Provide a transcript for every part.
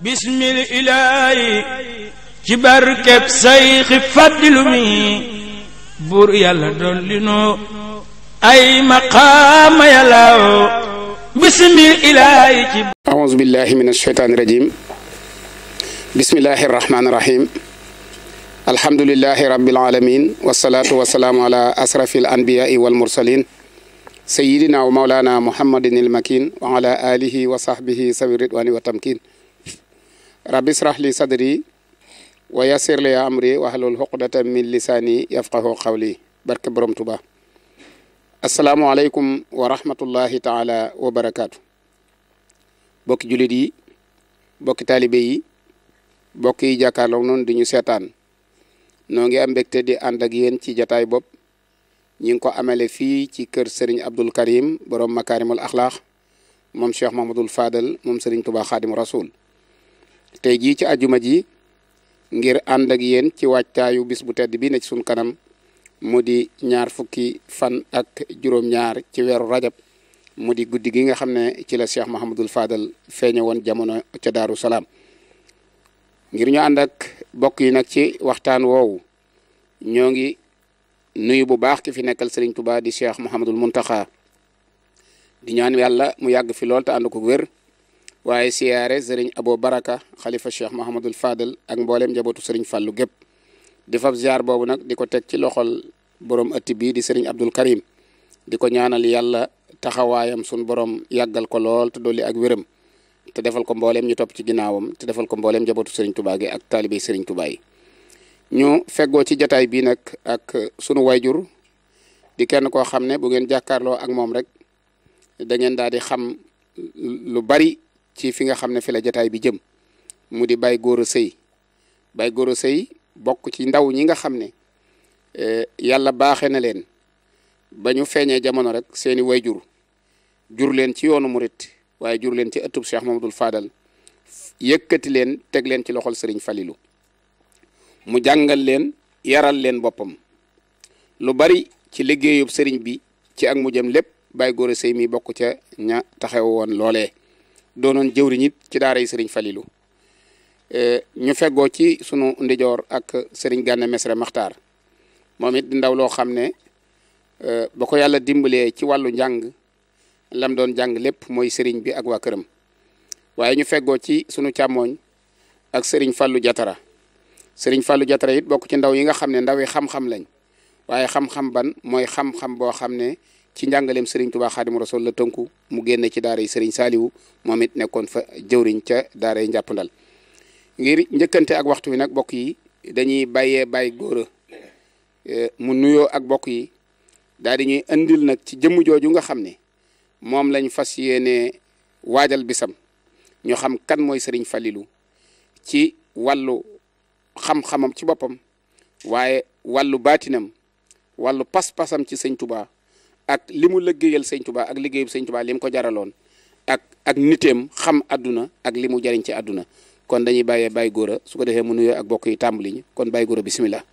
bismil ilaahi ci barkeb sayxi fàddilu mi buur yàlla dolli noo ay maqaama yàllaaw bismil ilaahi ci auzu billahi min asheytaani rajim bismillahi arrahmaani arrahim alhamdulillahi rabbil alamin wasalaatu wasalaamu ala asrafi al anbiyaai wal mursalin sayidina wa maulana muhammadin ilmakin wa ala alihi wa sahbihi sawi ridwani wa tamkin rabbi israh sadri wa yassir li amri wa halul xuqdatan lisani yafqahu qawli barke borom tuba asalaamualeykum wa rahmatullahi taala wa barakaatu bokki jullit yi bokki taalibe yi bokk yi jàkkaarloo noonu di ñu seetaan noo ngi am mbégte ci jataay bopp ñi ngi ko amale fii ci kër Serigne Abdul Karim borom makaarimul axlaax moom Cheikh Mahmadul Fadal moom Serigne Touba Xaadim Rasoul tey jii ci ajuma ji ngir ànd ak yéen ci wàccaayu bis bu tedd bi ne ci suñ kanam mu di ñaar fukki fan ak juróom-ñaar ci weeru rajab mu di guddi gi nga xam ne ci la Cheikh Mahmadul Fadal feeñe woon jamono ca Daaru Salaam ngir ñu ànd ak bokk yi nag ci waxtaan woowu ñoo ngi nuyu bu baax ki fi nekkal Serigne Touba di Cheikh Mouhamadul Mountakha di ñaan yàlla mu yàgg fi lool te ànd ko wér waaye siyaare Serigne Abo Baraka xalifa Cheikh Mouhamadul Fadel ak mboolem njabootu Serigne Fallou gépp di fab ziar boobu nag di ko teg ci loxol borom ëtt bii di Serigne Abdul Karim di ko ñaanal yàlla taxawaayam sun borom yàggal ko lool te dolli ak wéram te defal ko mbooleem ñu topp ci ginnaawam te defal ko mbooleem njabootu Serigne Touba gi ak taalibe Serigne Touba yi. ñu feggoo ci jataay bii nag ak sunu wayjur di kenn koo xam ne bu ngeen jàkkaarloo ak moom rek da ngeen daal di xam lu bari ci fi nga xam ne fila jataay bi jëm mu di Baye Gora Seye Baye Gora Seye bokk ci ndaw ñi nga xam ne e, yàlla baaxee na leen ba ñu feeñee jamono rek seeni wayjur jur leen ci yoonu murit waaye jur leen ci ëttub Cheikh dul Fadal yëkkati leen teg leen ci loxol Serigne Falilou mu jàngal leen yaral leen boppam lu bari ci liggéeyub sëriñ bi ci ak mu jëm lépp Baye Gora Seye mi bokk ca ña taxaw woon loole doonoon jëwriñ ci daara yi sëriñ Falilou e, ñu feggoo ci sunu ndijoor ak sëriñ Gana Messere Maxtaar moom it ndaw loo xam ne e, ba ko yàlla dimbalee ci wàllu njàng lam doon jàng lépp mooy sëriñ bi ak waa këram waaye ñu feggoo ci sunu càmmooñ ak sëriñ fallu Jatara sëriñ Fallou Diatra it bokk ci ndaw yi nga xam ne ndaw yi xam-xam lañ waaye xam-xam ban mooy xam-xam boo xam ne ci njàngaleem sëriñ Touba Xaadimu Rasuul la tënku mu génne ci daara yi sëriñ Saaliwu moom it nekkoon fa jëwriñ ca daara yi njàppandal ngir njëkkante ak waxtu wi nag bokk yi dañuy bàyyee bay góora e, mu nuyoo ak bokk yi daal di ñuy andil nag ci jëmm jooju nga xam ne moom lañ fas yéene waajal bisam ñu xam kan mooy sëriñ Falilou ci wàllu xam-xamam ci boppam waaye wallu baatinam wàllu pas-pasam ci sëñ tubaa ak li mu liggéeyal sëñ ak liggéeyub sëñ tubaa lim ko jaraloon ak ak niteem xam àdduna ak li mu jariñ ci àdduna kon dañuy bàyyee bay Gora su ko defee mu nuyoo ak bokk yi tàmbali ñu kon Baye Gora bisimilah.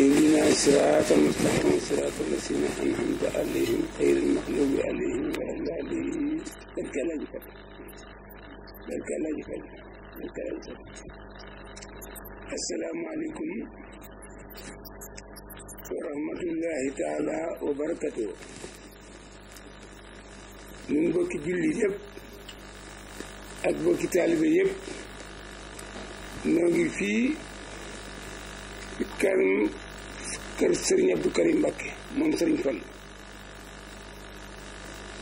اهدنا صراط المستقيم صراط الذين انعمت عليهم غير المغلوب عليهم ولا الضالين ذلك لا يفعل ذلك لا يفعل ذلك لا يفعل السلام عليكم ورحمة الله تعالى وبركاته ñun bokki julli yëpp ak bokki taalibe yëpp noo ngi fii kan kër Serigne Abdou Karim Mbakke moom Serigne Fall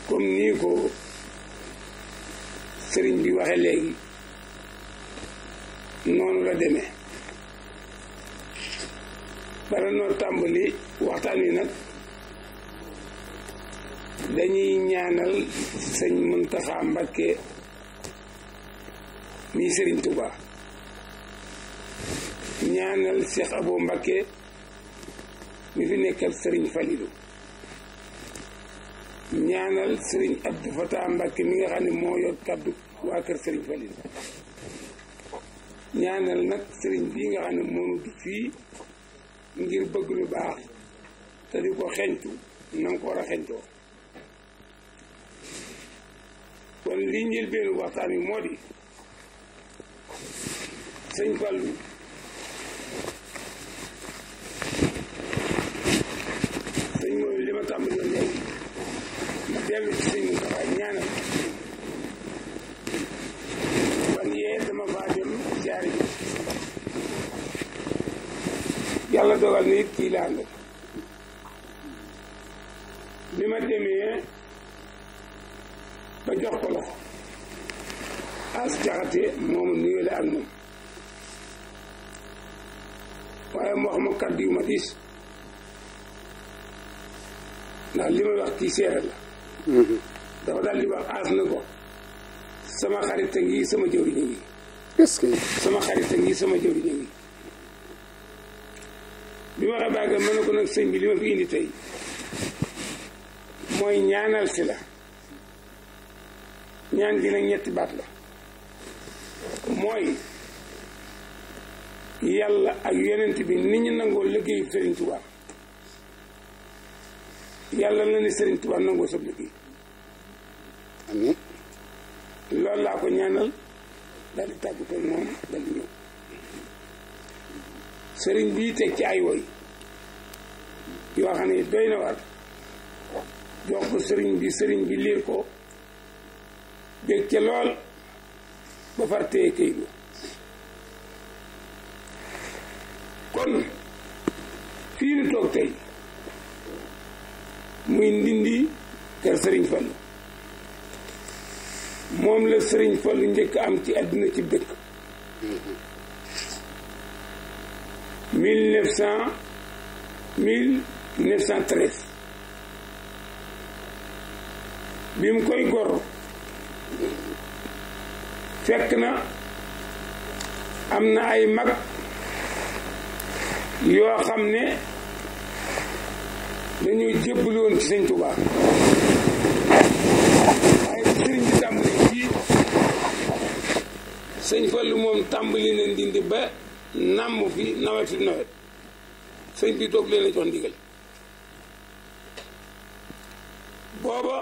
comme nii ko Serigne bi waxee léegi noonu la deme bala noo tàmbali waxtaan wi nag dañuy ñaanal sëñ Muntaxa Mbakke mii Serigne Touba ñaanal Cheikh Abou Mbakke. mi fi nekkal sëriñ Falilu ñaanal sëriñ Abdou Fatah Mbacke mi nga xam ne moo yor kàddu waa kër sëriñ Falilu ñaanal nag sëriñ bii nga xam ne moonu fii ngir bëgg lu baax te di ko xencu na ko war a xencoo kon lii njëlbeenu waxtaan wi moo di sëñ Fallou mooy li ma tàmbali woon léegi ma dellu ci sëñ Moustapha ñaanal fan yee dama faa dem siyaare bi yàlla dogal na kii laa àndal bi ma demee ba jox ko la as jaxate moom nuyoo la ak moom waaye mu wax ma kàddu diis ndax li may wax kii la mhm. dafa daal di wax aas na ko sama xarit ngi sama jëwriñ a ngi est-ce que sama xarit a ngi a ngi ma xamee mën na ko nag sëñ bi li ma fi indi tey mooy ñaanal si la ñaan gi nag ñetti baat la mooy yàlla ak yonent bi nit ñu nangoo liggéey Sëriñ Tuubaa yàlla na ni Serigne Touba nangoo sa liggéey amiin laa ko ñaanal daal di tàggatoo moom daal di ñëw Serigne bii teg ci ay woy yoo xam ne doy na war jox ko Serigne bi sëriñ bi liir ko bég ca lool ba far téye këyit kon fii nu toog tey. muy ndindi kër sëriñ Fallu moom la sëriñ Fallu njëkk am ci àdduna ci dëkk 1900 1913 bi mu koy gor fekk na am na ay mag yoo xam ne dañoo jébbali woon ci sëñ Tuubaa lu sëriñ bi tàmbali moom tàmbali na ndindi ba nàmm fi nawet fi nawet sëñ bi toog leen la jox ndigal booba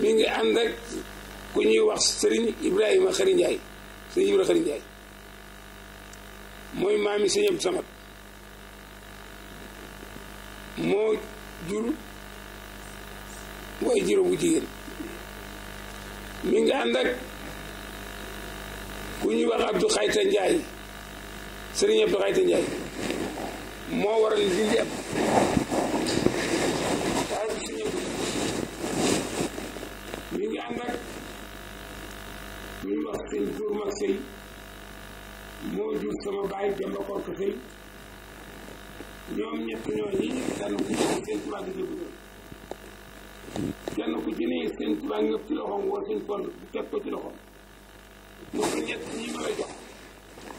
mi ngi ànd ak ku ñuy wax sëriñ Ibrahima Xari Njaay sëriñ Ibrahima Xari Njaay mooy maami sëñ Abdu Samad moo jur way jur bu jigéen mi ngi ànd ak ku ñuy wax Abdou Xayta Njaay sëriñ Abdou Xayta Njaay moo waral li ñu am mi ngi ñu wax seen jur mag sëy moo jur sama baay Demba Korka sëy ñoom ñett ñooñu kenn ku ci ne seen tubaab bi déglu kenn ku ci ne seen tubaab ngëpp ci loxoom wala seen tool bi teg ko ci loxoom moo ko ñett ñi ma la jox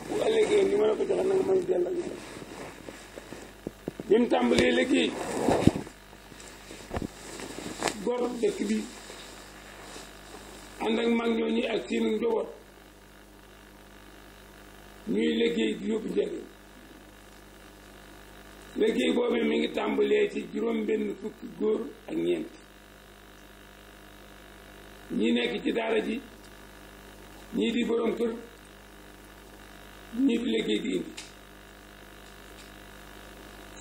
bu ëllëgee ni ma la ko joxe na nga mën a delloo ñu bi mu tàmbalee léegi gor dëkk bi ànd ak mag ñooñu ak seenu njaboot ñuy liggéey di yóbbu njëriñ liggéey boobu mi ngi tàmbalee ci juróom benn fukki góor ak ñeent ñi nekk ci daara ji ñii di borom kër ñii di liggéey di indi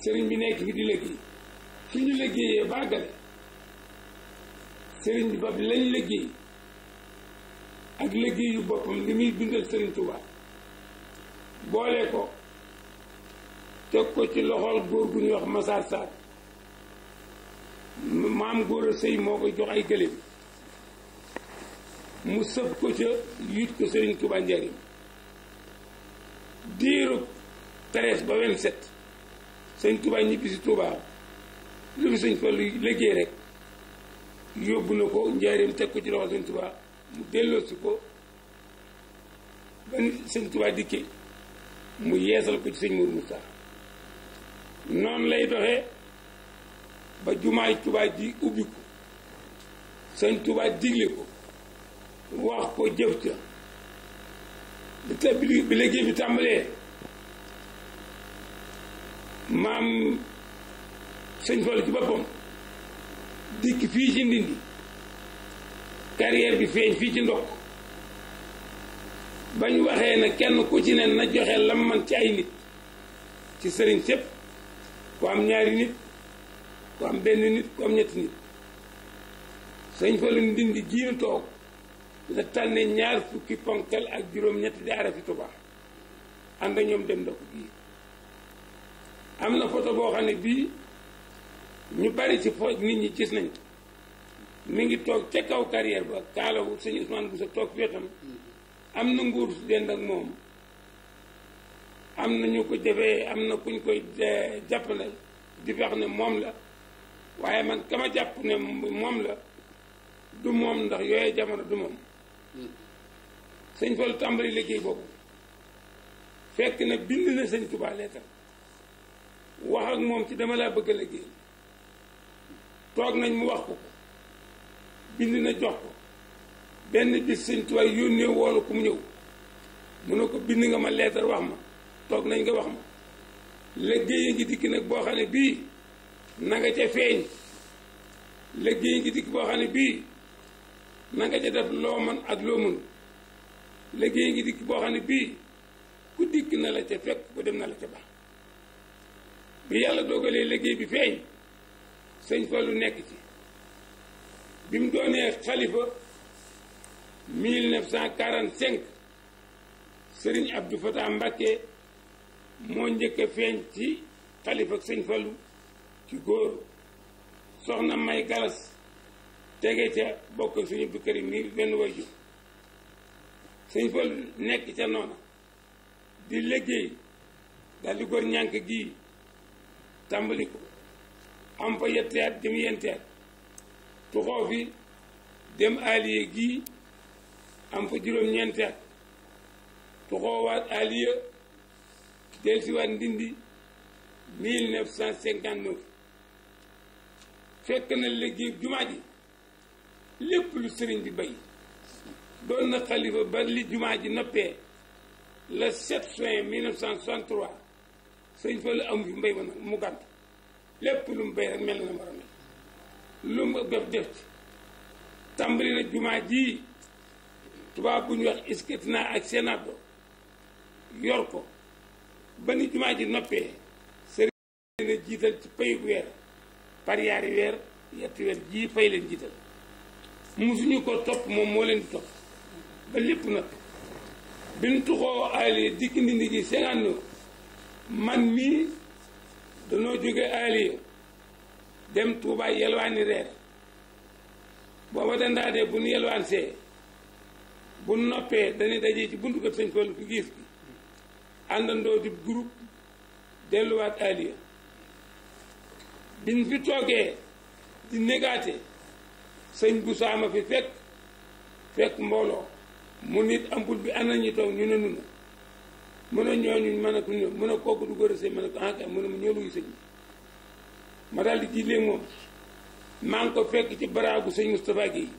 sëriñ bi nekk fi di liggéey fi ñu liggéeyee bàggale sëriñ bi bab lañ liggéey ak liggéeyu boppam li muy bindal sëriñ Tuubaa boole ko teg ko ci loxol góor gu ñuy wax Massar Sarr maam góor a sëy moo koy jox ay gëléem mu sëb ko ca yit ko Serigne Touba Njaarim diiru treize ba vingt-sept sëñ Touba ñibbi si lu fi sëñ fa lu liggéey rek yóbbu na ko Njaarim teg ko ci loxol sëñ Touba mu delloosi ko ban sëñ Touba dikkee mu yeesal ko ci sëñ Mourou Moussa noonu lay doxe ba jumaay Tuubaa ji ubbi ko sëñ Tuubaa digle ko wax ko jëf ca bi te bi liggéey bi tàmbalee maam sëñ Fallu ci boppam dikk fii ci Ndindi carrière bi feeñ fii ci ndokk bañ waxee na kenn ku ci ne na joxe lam man ci ay nit ci sëriñ sépp ku am ñaari nit ku am benn nit ku am ñetti nit sëñ fa lu ndindi jiinu toog la tànne ñaar fukki ponkal ak juróom ñetti daara fi Tuubaa ànd ak ñoom dem ndako bii am na foto boo xam ne bii ñu bari ci fo nit ñi gis nañ mu ngi toog ca kaw carrière ba kaalawu sëñ Ousmane bu sa toog wetam am na nguur su dend ak moom am na ñu ko defee am na kuñ koy eh, jàppale di wax ne moom la waaye man kama jàpp ne moom la du moom ndax yooye jamono du moom sëñ Fallu tàmbali liggéey boobu fekk na bind na sëñ Tuubaa leetar wax ak moom ci dama laa bëgg a liggéey toog nañ mu wax ko bind na jox ko benn bis sëñ Tuubaa yónnee woolu ku mu ñëw mu ne ko bind nga ma leetar wax ma toog nañ nga wax ma liggéey ngi dikk nag boo xam ne bii nanga nga ca feeñ liggéey ngi dikk boo xam ne bii na nga ca def loo man ak loo mënu liggéey ngi dikk boo xam ne bii ku dikk na la ca fekk ku dem na la ca ba bi yàlla dogalee liggéey bi feeñ sëñ Fallu nekk ci bi mu doonee xalifa 1945 Serigne Abdou Fatah Mbacké moo njëkk a feeñ ci xalifa ak sëñ Fallu ci góor soxna may galas tege ca bokk suñu bi kërim nii benn wayju sëñ Fallu nekk ca noona di liggéey daal góor ñànk gii tàmbali am fa yetti dem yenti at dem aliye gii am fa juróom ñeenti tuxoowaat aliye del si waat ndindi 1959 fekk na léegi jumaa ji lépp lu sëriñ bi bay doon na xalifa ba li jumaa ji nappee le 7 juin 1963 sëñ fa la amu fi mbay ma nag mu gànt lépp lu mu bay rek mel na war a mel lu mu def def ci tàmbali na jumaa ji tubaab bu ñu wax iskit naa ak sénato yor ko ba ni jumaa ji noppee sëriñ na jiital ci payu weer par yaari weer yetti jii fay leen jiital musuñu ko topp moom moo leen di topp ba lépp nag bi nu tuxoo alie dikki ndindi ji cinquante man mii danoo jóge alie dem Touba yelwaani reer booba dandaa dee bu nu yelwaan see bu noppee dañuy dajee ci buntu kër sëñ Fallu ku giif àndandoo di groupe delluwaat aliya biñ fi toogee di négaate sëñ bu saama fi fekk fekk mbooloo mu nit ampul bi ana ñi toog ñu ne nu na mën a ñooñu mën a ku ñëw mën a kooku du góor a sëñ a ko enquête mën a mu ñëw luy ma daal di moom maa ngi ko fekk ci baraagu sëñ Moustapha Guèye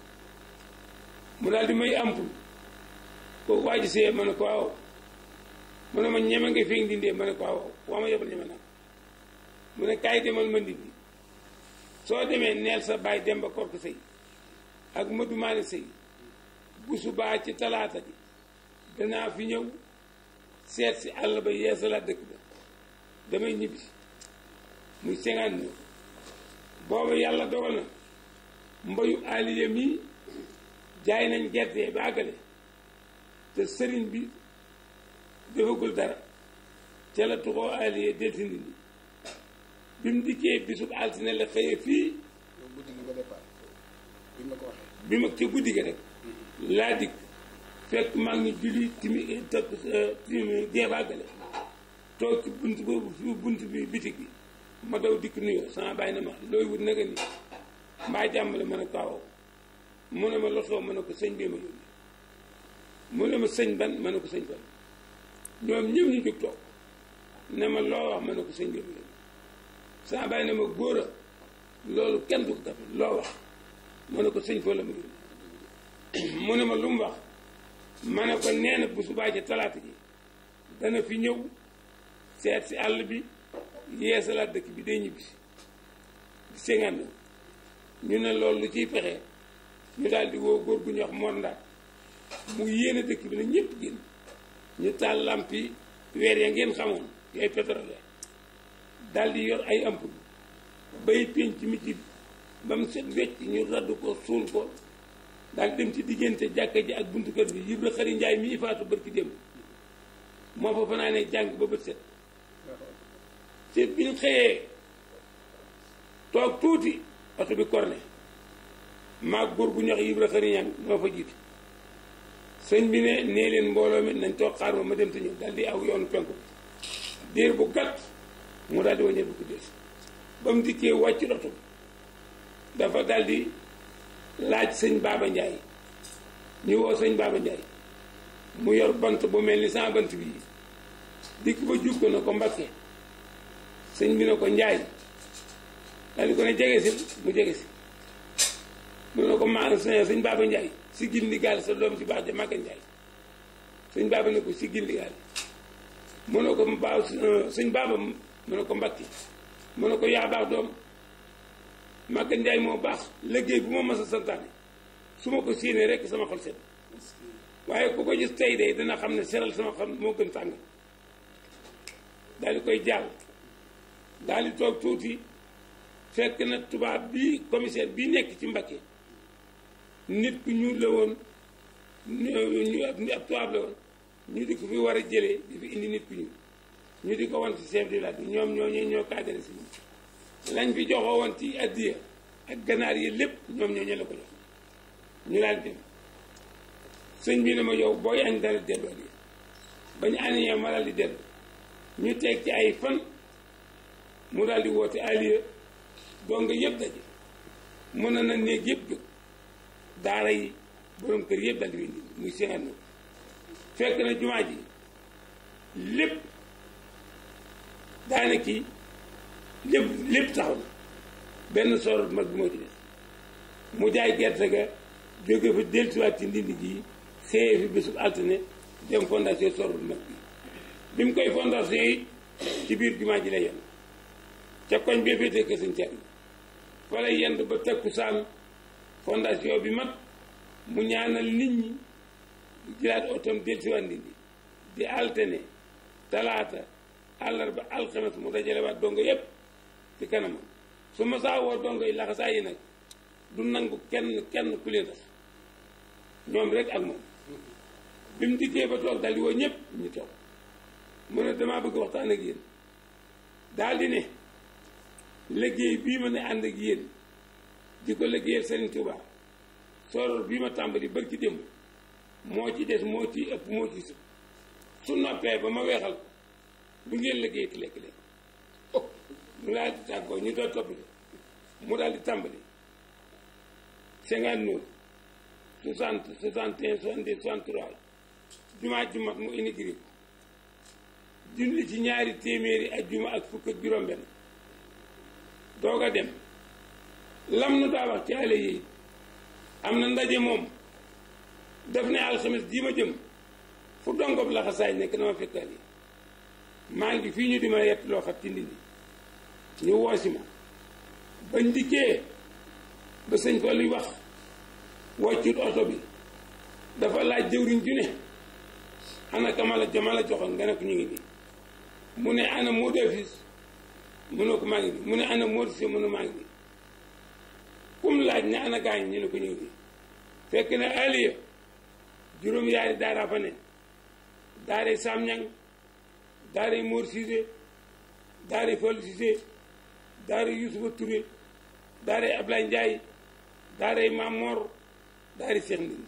mu daal may ampul ko waaji see mën a ko waaw mu ne ma ñeme nga fi ndindee ma ne ko waaw waaw ma yebal ñeme naa mu ne kaay demal ma ndindi soo demee neel sa baay dem ba kork sëy ak madu maane sëy bu subaa ci talaata ji danaa fi ñëw seet si àll ba yeesalaat dëkk ba damay ñibbi muy cinquante neuf boobu yàlla dogal na mbayu aliyam yi jaay nañ gerte ba àggale te sëriñ bi defagul dara ca la tuxoo aliyee delti nit ñi bi mu dikkee bisub altine la xëyee fii bi mag ca guddi ga rek laa dikk fekk maa ngi julli timi eh, takk eh, timi geefaagale toog ci bunt bi bitig ma daw dikk nuyoo sama bàyyi na ma looy wut naka nii mbaa jàmm la mën a kaawoo mu ne ma loxoo ma ne ko sëñ bi ma yónni mu ne ma sëñ ban ma ne ko sëñ ban ñoom ñëpp ñu jóg ne ma loo wax ma ne ko sëñ bi saa bàyyi ma góor loolu kenn du ko def loo wax ma ne ko sëñ foo la mu mu ne ma lu mu wax ma ne ko nee na bu subaa ci talaata ji dana fi ñëw seet si àll bi yeesalaat dëkk bi day ñibbi di séngande ñu ne loolu lu ciy pexe ñu daal di woo góor gu ñuy wax mondaat mu yéene dëkk bi na ñëpp génn ñu taal làmpi weer ya ngeen xamoon yooyu pétrole daal di yor ay ampoule bay pénc mi ci ba mu set wecc ñu radd ko suul ko daal dem ci diggante jàkka ji ak bunt kër bi Ibra Xari Njaay mi ifaatu bërki démb moo fa fanaanee jàng ba bët set set bi ñu xëyee toog tuuti oto bi korne maag góor gu ñox Ibra Xari Njaay fa jiitu sëñ bi ne nee leen mbooloo mi nañ toog xaar ma ma dem te ñëw daal di aw yoonu penku diir bu gàtt mu daal di bu des ba mu dikkee wàcc rotu dafa daldi laaj sëñ Baaba Njaay ñu woo sëñ Baaba Njaay mu yor bant bu mel ni sans bant bii dikk ba jug ko na ko Mbakke sëñ bi ne ko Njaay daal ko ne jege si mu jege si mu ne ko maa sëñ Baaba Njaay si gindi gaal sa doom si baax ja màgg njaay sëñ baaba ne ko si gindi gaal mu ne ko baaw euh, sëñ baaba mu ne ko mbakki mu ne ko yaa baax doom màgg moo baax liggéey bu ma mas santaane su ma ko siinee rek sama xol set waaye ku ko gis tey de dana xam ne seral sama xam moo gën tàng daal di koy jàll dal di toog tuuti fekk na tubaab bi commissaire bii nekk ci Mbakke nit ku ñuul la woon ñu ñu di ko fi war a jëlee di fi indi nit ku ñuul ñu di ko woon ci chef de village bi ñoom ñoo ñee ñoo kaagale si yi lépp ñoom ñoo ñu daal dem sëñ bi ne ma yow booy añ dara delloo di ba ñu añee ma daal di ñu teg ci ay fan mu daldi di woote alieu doo nga yëpp daje mën na na néeg yëpp jóg daara yi borom kër yëpp daal di indi muy cinquante neuf fekk na jumaa ji lépp daana kii lépp lépp taxaw benn soor mag bi moo ci des mu jaay gerte ga jóge fa dellusiwaat ci ndindi ji xëyee fi bésub altine dem fondation soor mag bi bi mu koy fondation yi ci biir jumaa ji la yenn ca koñ bee féetee kër sëñ Thierno fa la yenn ba takkusaan fondation bi mat mu ñaanal nit ñi jëlaat otom del si wàndi bi di altene talaata àllarba alxames mu dajale waat dongo yépp ci kanama su ma saa dongo yi laxasaa yi nag du nangu kenn kenn ku ñoom rek ak moom bi mu dikkee ba toog daal di woo ñëpp ñu toog mu ne damaa bëgg waxtaan ak yéen daal ne liggéey bii ma ne ànd ak yéen di ko liggéeyal Serigne Touba sooroor bii ma tàmbali bëgg ci démb moo ci des moo ci ëpp moo ci su noppee ba ma weexal bu ngeen liggéey lekk lekk mu laa ñu doon daal di tàmbali cinquante neuf soixante soixante un soixante deux jumaa ju mu inigré ko julli ci ñaari téeméeri ak juma ak fukk juróom-benn doog dem lam nu daa wax ci xale yi am na ndaje moom def ne alxames ji ma jëm fu dongob laxasaay nekk na ma fekkal yi maa ngi fii ñu di ma yett loo xam ci nit ñi ñu woosi ma bañ dikkee ba sëñ fa luy wax wàccut oto bi dafa laaj jëwriñ ju ne ana kamala jamala joxoon nga ne ko ñu ngi nii mu ne ana moo defis mu ne ko maa ngi mu ne ana moo defis mu ne maa ngi nii ku mu laaj ne ana gaañ ñu ne ko ñëw bi fekk ne aliya juróom yaari daara fa ne daaray Sam Ñang daaray Mor Cissé daaray Fall Cissé daaray Yusufa Touré daaray Ablaye Ndiaye daaray Maam Mor daaray Cheikh Ndindi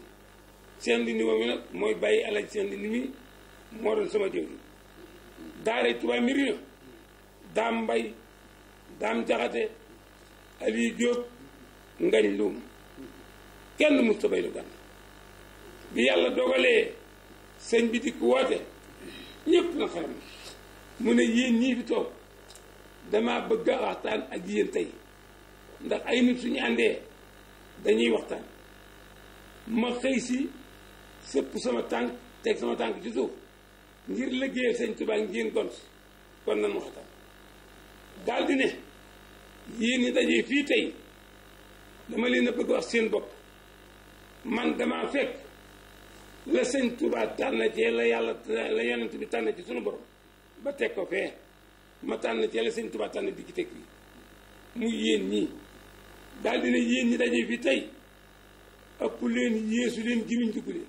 Cheikh Ndindi moom nag mooy bàyyi alaj Cheikh Ndindi mi moo doon sama jëwriñ daaray Touba Mirina daam Mbay daam Jaxate Aliou Diop ngañ luum kenn mus ta lu gàtt bi yàlla dogalee sëñ bi dikk woote na xaram mu ne yéen ñii fi toog damaa bëgg a waxtaan ak yéen tey ndax ay nit suñu àndee dañuy waxtaan ma xëy si sëpp sama tànk teg sama tànk ci suuf ngir liggéeyal sëñ Tuubaa ngeen gont kon nan waxtaan daal di ne yéen yi dañuy fii tey dama leen a bëgg wax seen bopp man damaa fekk la sëñ Touba tànn cee la yàlla la yonent bi tànn ci sunu borom ba teg ko fee ma tànn cee la sëñ Touba tànn di ci teg fii mu yéen ñi daje fi tey ëpp leen yéesu leen gimiñ dugg leen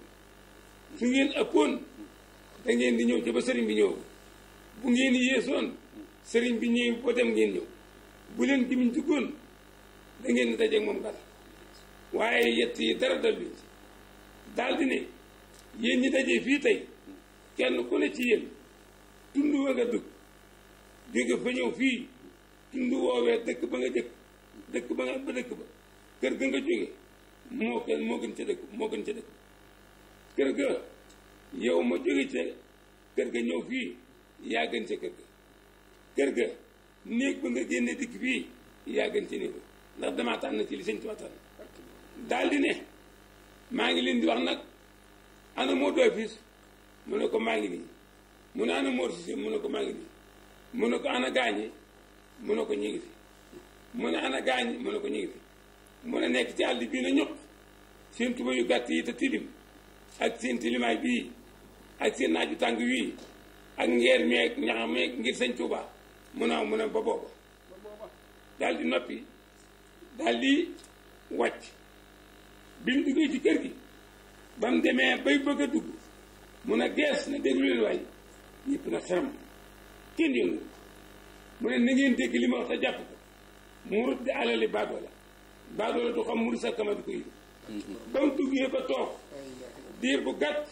su ngeen ëppoon da ngeen di ñëw ci ba sëriñ bi ñëw bu ngeen yéesoon sëriñ bi ñëw ba dem ngeen ñëw bu leen gimiñ duggoon da ngeen di dajeeg moom dara waaye yett yi dara dal leen ci daal di ne ñi dajee fii tey kenn ku ne ci yéen tund wa nga dugg jóge fa ñëw fii tund woowee dëkk ba nga jóge moo gën moo ca dëkk moo gën ca dëkk kër ga yow ma jóge ca kër ga ñëw fii yaa gën ca kër ga kër ga néeg ba nga génne dikk fii yaa gën ca néeg ndax damaa tànn ci li sëñ Tuubaa tànn di ne maa ngi leen di wax nag ana moo doo fis mu ne ko maa nii mu ne ana moo sisi mu ko maa ngi nii mu ne ko ana gaañi mu ne ko ñu ngi fi mu ne ana gaañi mu ne ko ñu ngi fi mu ne nekk ci àll bii na ñoq seen tuba yu gàtt yi te tilim ak seen tilimaay bii ak seen naaju tàng wii ak ngeer meeg ñax meeg ngir sëñ Tuubaa mu ne mu ne ba booba daal di noppi daal di wàcc bi mu duggee ci kër gi ba mu demee bay bëgg a dugg mun a gees na déglu leen waay ñëpp na seram kenn yëngu mu ne na ngeen dégg li ma wax te jàpp ko mu rut di alali baadoo la baadoo du xam mu sa kama di ko yëg ba mu duggee ba toog diir bu gàtt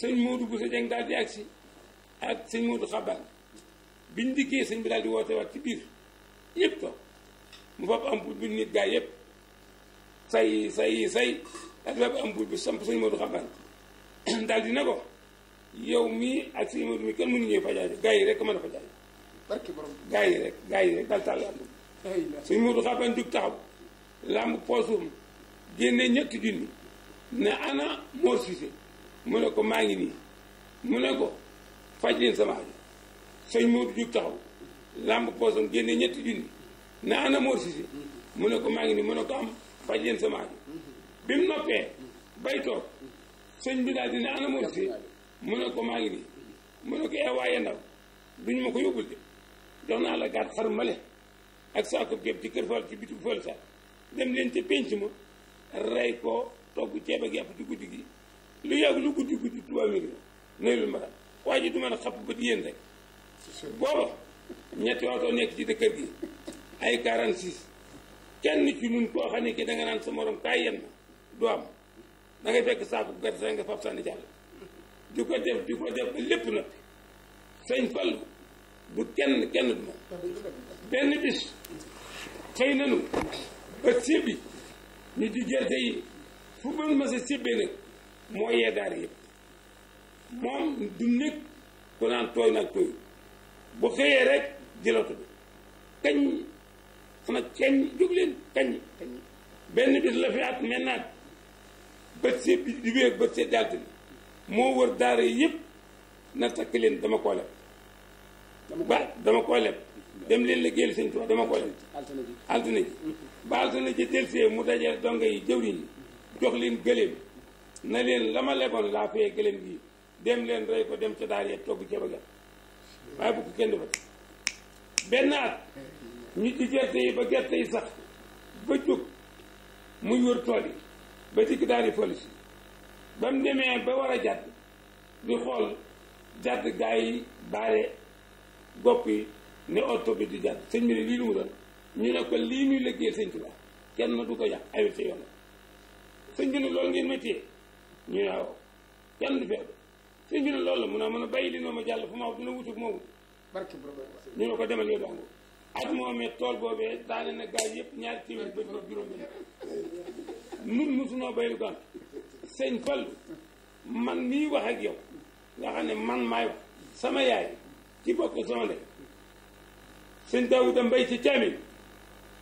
sëñ Moodu bu sa jàng daal di agsi ak sëñ Moodu xabaan biñ dikkee sëñ bi daal di woote waat ci biir yëpp toog mu fab am buuj bu nit gaa yëpp say say say daal di fab am buuj bu samp sëñ Modou Xaban daal di ne ko yow mii ak sëñ Modou mii kenn mënu ñëw fajaajo gaa yi rek mën a fajaajo barki borom gaa yi rek gaa yi rek daal taal làmb sëñ Modou Xaban jug taxaw làmb poosum génne ñetti junni ne ana ne ko maa ngi nii mu ne sama aajo sëñ Modou jug taxaw làmb poosum génne ñetti junni ne ana Mor Cissé mu ne ko maa ngi nii mu ne ko am faj leen sama aju bi mu noppee bay sëñ bi daal di ne ana Mor Cissé mu ne ko maa ngi nii mu ne ko ee eh, waaye ndaw duñ ma ko yóbbul de jox naa la gàtt xar male ak saako gépp ci kër Fall ci bitu Fall sax dem leen ca pénc ma rey ko togg ceeb ak ci guddi gi lu yàgg lu guddi guddi tubaab mi noyu lu ma daal waa ji du mën a xapp bët yéen rek booba ñetti waxtoo nekk ci dëkkër gi ay 46 kenn ci ñun koo xam ne ki da nga naan sa morom kaay yenn du am da ngay fekk saako gerte nga fab sànni jàll di ko def di ko def ba lépp nag sëñ Fallu bu kenn kenn du benn bis xëy nanu ba sibbi ñu di gerte yi fu bën ma sa sibbee nag moo yee daar moom du nekk ku naan tooy nag tooy bu xëyee rek jëlatu bi kañ ana kenn jóg leen kañ benn bis la fi at mel naat bët see bi di wéeg bët see dalt bi moo wër daara yëpp na takk leen dama koo leb ba dama koo leb dem leen liggéeyal sëñ Tuubaa dama koo leb altine ji ba altine ji mu dajee donga yi jëwriñ jox leen gëléem na leen la ma leboon laa fayee dem leen rey ko dem ca daar ya togg ceeba ga waaye bu kenn defati benn at ñu ci gerte yi ba gerte yi sax ba jóg muy wër tool yi ba dikk daal di police ba mu demee ba war a jàdd di xool jàdd gaa yi baare gopp ne oto bi di jàdd sëñ bi ne lii lu mu doon ñu ne ko lii ñuy liggéey sëñ Tuubaa kenn du ko yàq ayut ci yoon sëñ bi ne loolu ngeen ma ñu ne waaw kenn du feebar sëñ bi ne loolu mun a mën a bàyyi li noo ma jàll fu ma wax dina wutu fu ma ñu ne ko demal yow doo at moomee tool boobee daane na gaay yëpp ñaari téeméer bëri na juróom benn nun mosunoo béy lu gàtt sëñ Fallu man mii wax ak yow nga xam ne man maay sama yaay ci bokk sama ndey sëñ Daawuda Mbay ci caamin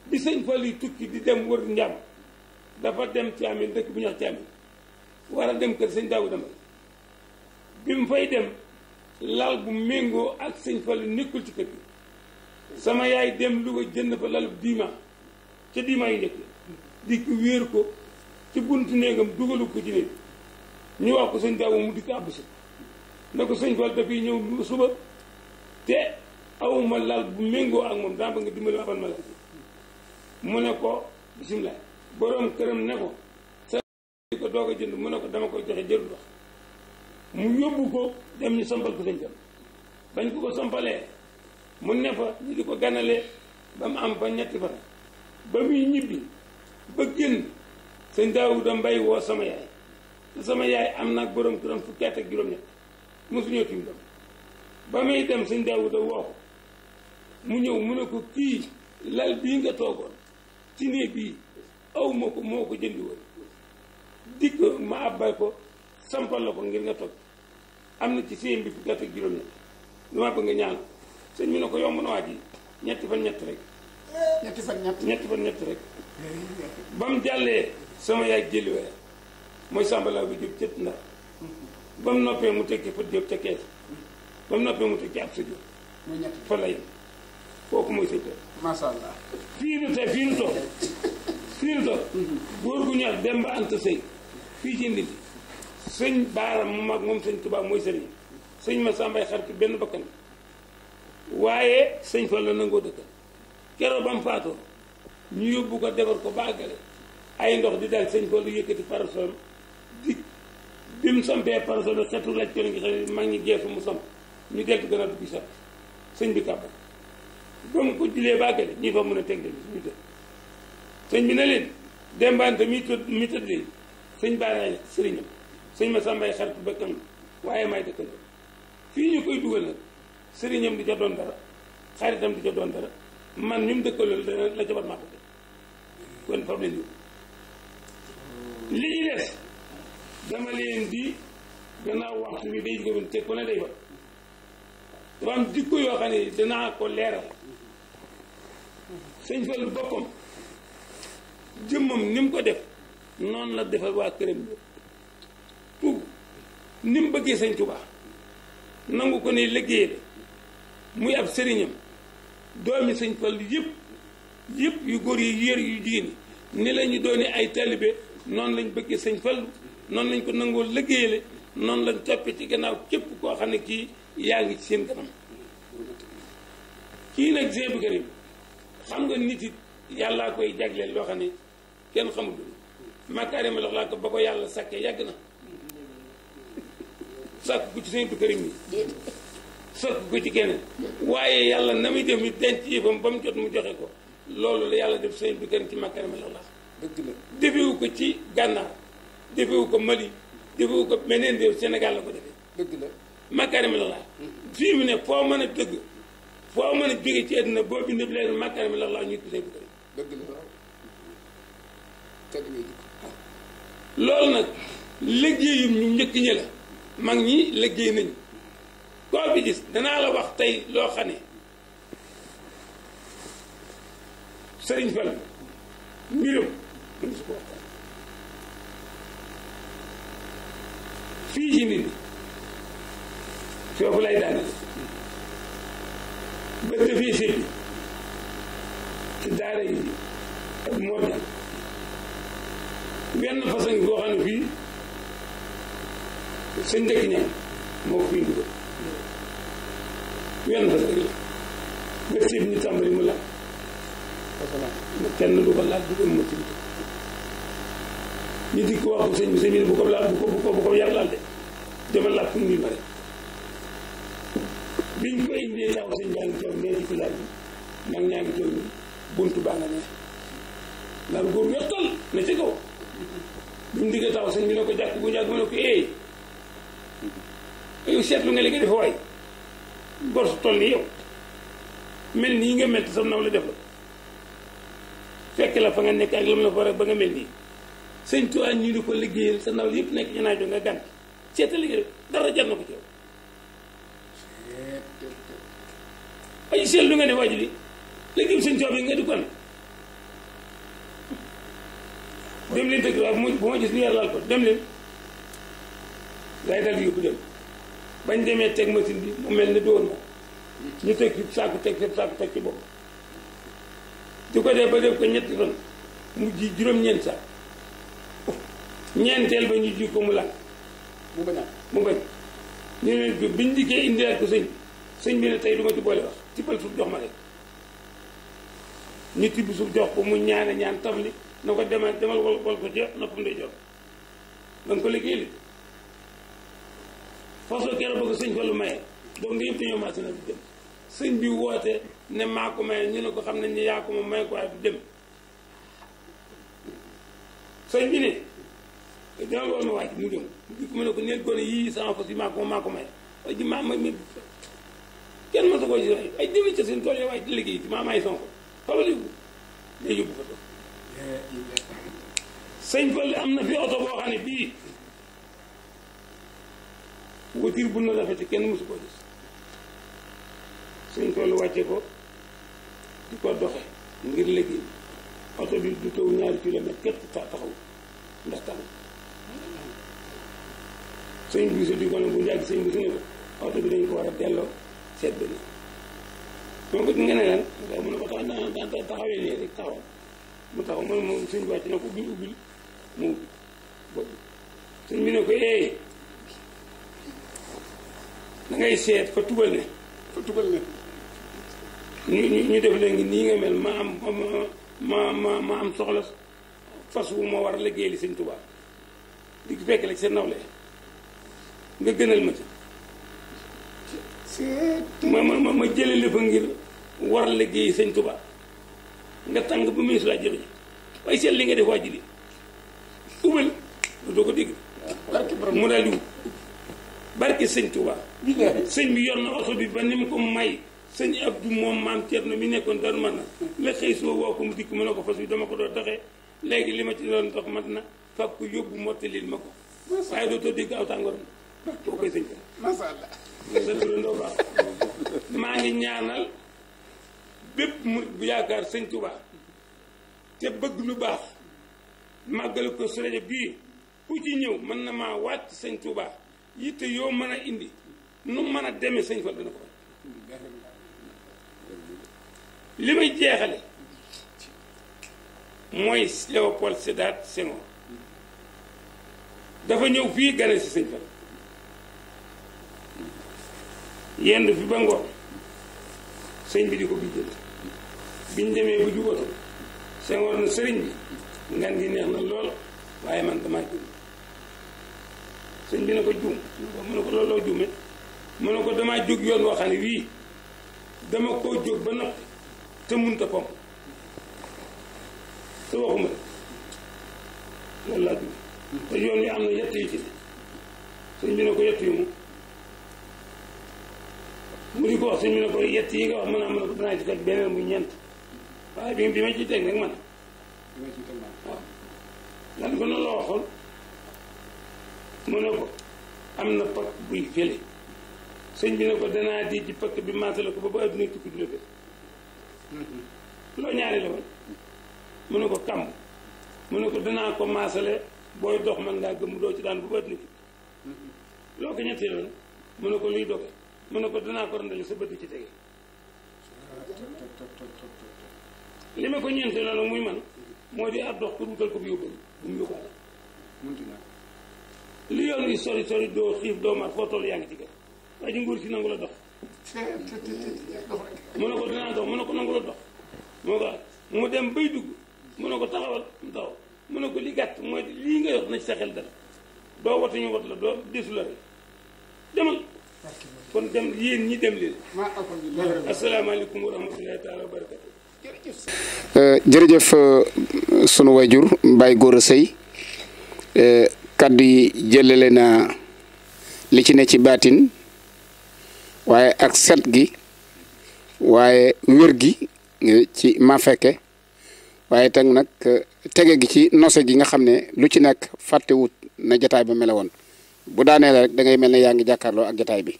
bi sëñ Fallu yi tukki di dem wër njàmm dafa dem caamin dëkk bu ñuy wax caamin war a dem kër sëñ Daawuda Mbay bi mu fay dem lal bu méngoo ak sëñ Fallu nekkul ci kër gi sama yaay dem Louga jënd fa lalu diima ca diima yi njëkk dikk wéer ko ci buntu néegam dugalu ko ci néeg ñu wax ko sëñ daaw mu dikk àbb si suba te awuma bu méngoo ak moom dama nga dimbali abal mu ne ko bisimilah borom këram ne ko sa ko doog jënd mu ne ko dama koy joxe jërul wax mu yóbbu ko dem ñu sampal ko sëñ Fall bañ ko ko sampalee mu ne fa ñu di ko ganale ba mu am ba ñetti fan ba muy ñibbi ba génn sëñ Daawuda Mbay woo sama yaay te sama yaay am na borom këram fukki at ak juróom-ñett mosuñoo tiim dem ba muy dem sëñ Daawuda woo ko mu ñëw mu ne ko kii lal bii nga toogoon ci néeg bi awma ko moo ko jëndi woon dikk ma abbay ko sampal la ko ngir nga toog am na ci séen bi fukki ak juróom-ñett lu ma nga ñaan ko sëñ bi ne ko yomb na waa ji ñetti fan ñett rek. ñetti fan ñett ñetti fan ñett rek. ba mu jàllee sama yaay jëli weer mooy sàmbalaaw bi jóg cët ndar ba mu noppee mu tekki fa jóg ca kees ba mu noppee mu tekki ab sa fa la yem mooy sëñ fii nu tey fii nu toog fii nu toog. góor dem ba ant sëy fii ci ndindi sëñ baaram mu mag moom sëñ tubaab mooy sëriñ sëñ ma sàmbay xar benn bakkan. waaye sëñ Fall la nangoo dëkkal keroog ba mu faatoo ñu yóbbu ko defar ko ba àggale ay ndox di daal sëñ Fall yëkkati parasol di bi mu sampee parasol bi xetu laaj ko ngi xam mag ñi geesu mu samp ñu deltu gën a dugg sax sëñ bi kàbbal ba mu ko julee ba àggale ñi fa mën a teg leen sëñ bi ne leen dembaante mi tëdd mi tëdd sëñ baaraay sëriñam sëñ ma sàmbaay xaritu bëkkam waaye may dëkkal fii ñu koy dugal nag sëriñam di ca doon dara xaritam di ca dara man ñu mu dëkkaloolu la jabar maa ko kon problème yi li ñu dama leen di gannaaw waxtu bi day jógoon te ku ne day wax dafa am jikko yoo xam ne danaa ko leeral sëñ Fallu boppam jëmmam ni mu ko def noonu la defal waa këram tuug ni mu bëggee sëñ Tuubaa nangu ko ne liggéey la muy ab sëriñam doomi sëñ Fallu yëpp yëpp yu góor yi yër yu jigéen ni la ñu doone ay taalibe noonu lañ bëggee sëñ Fallu noonu lañ ko nangoo liggéeyale noonu lañ toppee ci gannaaw képp koo xam ne yaa ngi seen kanam nag Sëñ Abdou Karim xam nga nit it yàllaa koy jagleel loo xam ne kenn xamul makaarima lox laa ko ba ko yàlla sakkee yàgg na sàkk ku ci Sëñ Abdou Karim yi sott ko ci keneen waaye yàlla na muy def mi denc yëfam ba mu jot mu joxe ko loolu la yàlla def sëñ bi gën ci makkarama la dëgg la defewu ko ci gànnaar defewu ko Mali defewu ko meneen réew la ko defee dëgg la makkarama la la mm-hmm. fii mu ne foo mën a dëgg foo mën a jóge ci àdduna boo bi ndëb leen makkarama la la ñu tuddee bi ko dëgg loolu nag liggéeyum ñu njëkk ñi la mag ñi liggéey nañu koo fi gis danaa la wax tey loo xam ne sëriñ Fall mbirum mën su ko waxtaan fii bët dafay sébbi ci daara ak moor na wenn façon goo xam ne fii sëñ ñaan moo ko fiy dugal wenn rek ba tiit ñu tàmbali mu laaj kenn du ko laaj du ko mu tiit ñu dikk ko sëñ bi sëñ bi bu ko laal bu ko bu ko bu ko yar laal de demal laaj pour muy ko indee daaw sëñ baa ngi teew ne mu ne ko jàkk gu jàkk mu ne ko eh. nga li def waay gor su toll nii yow mel nii nga mel te sam naw la def la fekk la fa nga nekk ak lam la fa rek ba nga mel nii sëñ Tuubaa ñu di ko liggéeyal sa naw la yëpp nekk ñu naajo nga gànt seeta liggéey na ko ci yow ay lu nga ne waaju li liggéey sëñ Tuubaa bi nga di ko dem leen dëkk waaw bu ma gis ñu yar laal ko dem leen gars yi daal dem bañ demee teg machine bi mu mel ni doon ko ñu teg ci saaku teg ci saaku teg ci bopp di ko def ba def ko ñetti fan mu ji juróom-ñeent saak ñeenteel ba ñu ji ko mu làkk mu bañ ñu ne ko biñ dikkee indiwaat ko sëñ sëñ bi ne tey du ma ci boole wax tibbal suuf jox ma rek ñu tibb suuf jox ko mu ñaan a ñaan tafli na ko demal demal wol wol ko jox noppam day jox da ko liggéey li façon keroog bëgg sëñ Fallu maye doom bi yëpp dañoo màcc na du dem sëñ bi woote ne maa ko maye ñu ne ko xam nañ ne yaa ko ma may ko waaye du dem sëñ bi ne dina loolu kenn mën ko sëñ Fallu am na fi oto boo xam ne bii wutir bu na rafete kenn mosu koo gis suñ toll wàcce ko di ko doxe ngir léegi oto bi du taw ñaari kilomètre képp taxaw ndax taxaw sëñ bi sa ko ne bu njàgg sëñ bi su ne ko oto bi ko war a delloo seet bi moom ko nga ne lan mun a ko tax daan taxawee nii rek taxaw mu taxaw mu ne moom sëñ wàcc na ko ubbil ubbil mu ubbi bi ne ko eh dangay ngay seet fa tubal ne fa tubal ne ñu ñu ñu def léegi nii nga mel ma am ma ma ma am soxla fas wu ma war a liggéey li sëñ Tuubaa di fekk la ci sa nawle nga gënal ma ci ma ma ma jële fa ngir war liggéey sëñ Tuubaa nga tàng ba ministre laa jëfe ji waaye seet li nga def waa ji li tubal doo ko dégg mu daal di barke sëñ Tuubaa sëñ bi yoon na oto bi ba ni mu ko may sëñ Abdou moom maam na mi nekkoon daru man na la xëy soo woo ko mu dikk mu ne ko fas bi dama ko doon doxee léegi li ma ci doon dox mat na fab ko yóbbu mottalil ma ko waaye dootoo dégg aw tàngooram boo maa ngi ñaanal bépp mu yaakaar sëñ Tuubaa te bëgg lu baax màggal ko su rajo bii ku ci ñëw mën na maa wàcc sëñ Tuubaa yitte yoo mën a indi nu mën a deme sëñ Fall li may jeexale mooy Léopold Sédar Senghor dafa ñëw fii gane si sëñ Fall yenn fi ba ngoon sëñ bi di ko bijjant biñ demee bu jubóoto Senghor na sëriñ bi ngan gi neex na lool waaye man damaa juum sëñ bi na ko juum mu ne ko looloo juume mën ne ko damaa jóg yoon woo xam ne wii dama koo jóg ba noppi te munta pomp te waxuma loolu laa dugg te yoon wi am na yett yu ci bi ne ko yett yu mu mu di ko wax sëñ bi ne ko yett yi nga wax mën a mën a ma ciy teg la waxoon mu ne ko am na pat buy fële sëñ bi ne ko danaa di ji pakk bi maasala ko ba ba adduna tukki du la bés loo ñaari la woon mu ne ko kamb mu ne ko danaa ko maasale booy dox man ngaa gëm doo ci daan ba ba adduna tukki loo ko mu ne ko luy doge mu ne ko danaa ko randale sa bët ci tege li ko ñeenti loolu muy man moo di ab dox pour wutal ko bu yóbbal bu mu yóbbaale li yoon ngi sori sori doo xiif doo foo toll yaa ngi ci kër aji nguur si nangu la dox. mu ne ko dinaa dox mu ne ko nangu la dox. moo ko mu dem bay dugg mu ne ko taxawal mu taxaw mu ne ko li gàtt mooy lii nga yor na ci sa xel dal doo watu wat la doo desu la rek demal. kon dem yéen ñi dem leen. asalaamaaleykum wa rahmatullahi taala wa barakatu. jërëjëf euh, sunu euh, yi jëlale na li ci ne ci baatin. waaye ak set gi waaye wér gi ci ma fekke waaye teg nag tege gi ci nose gi nga xam ne lu ci nekk fàttewut na jataay bi mele bu daanee la rek dangay mel ne yaa ngi jàkkaarloo ak jataay bi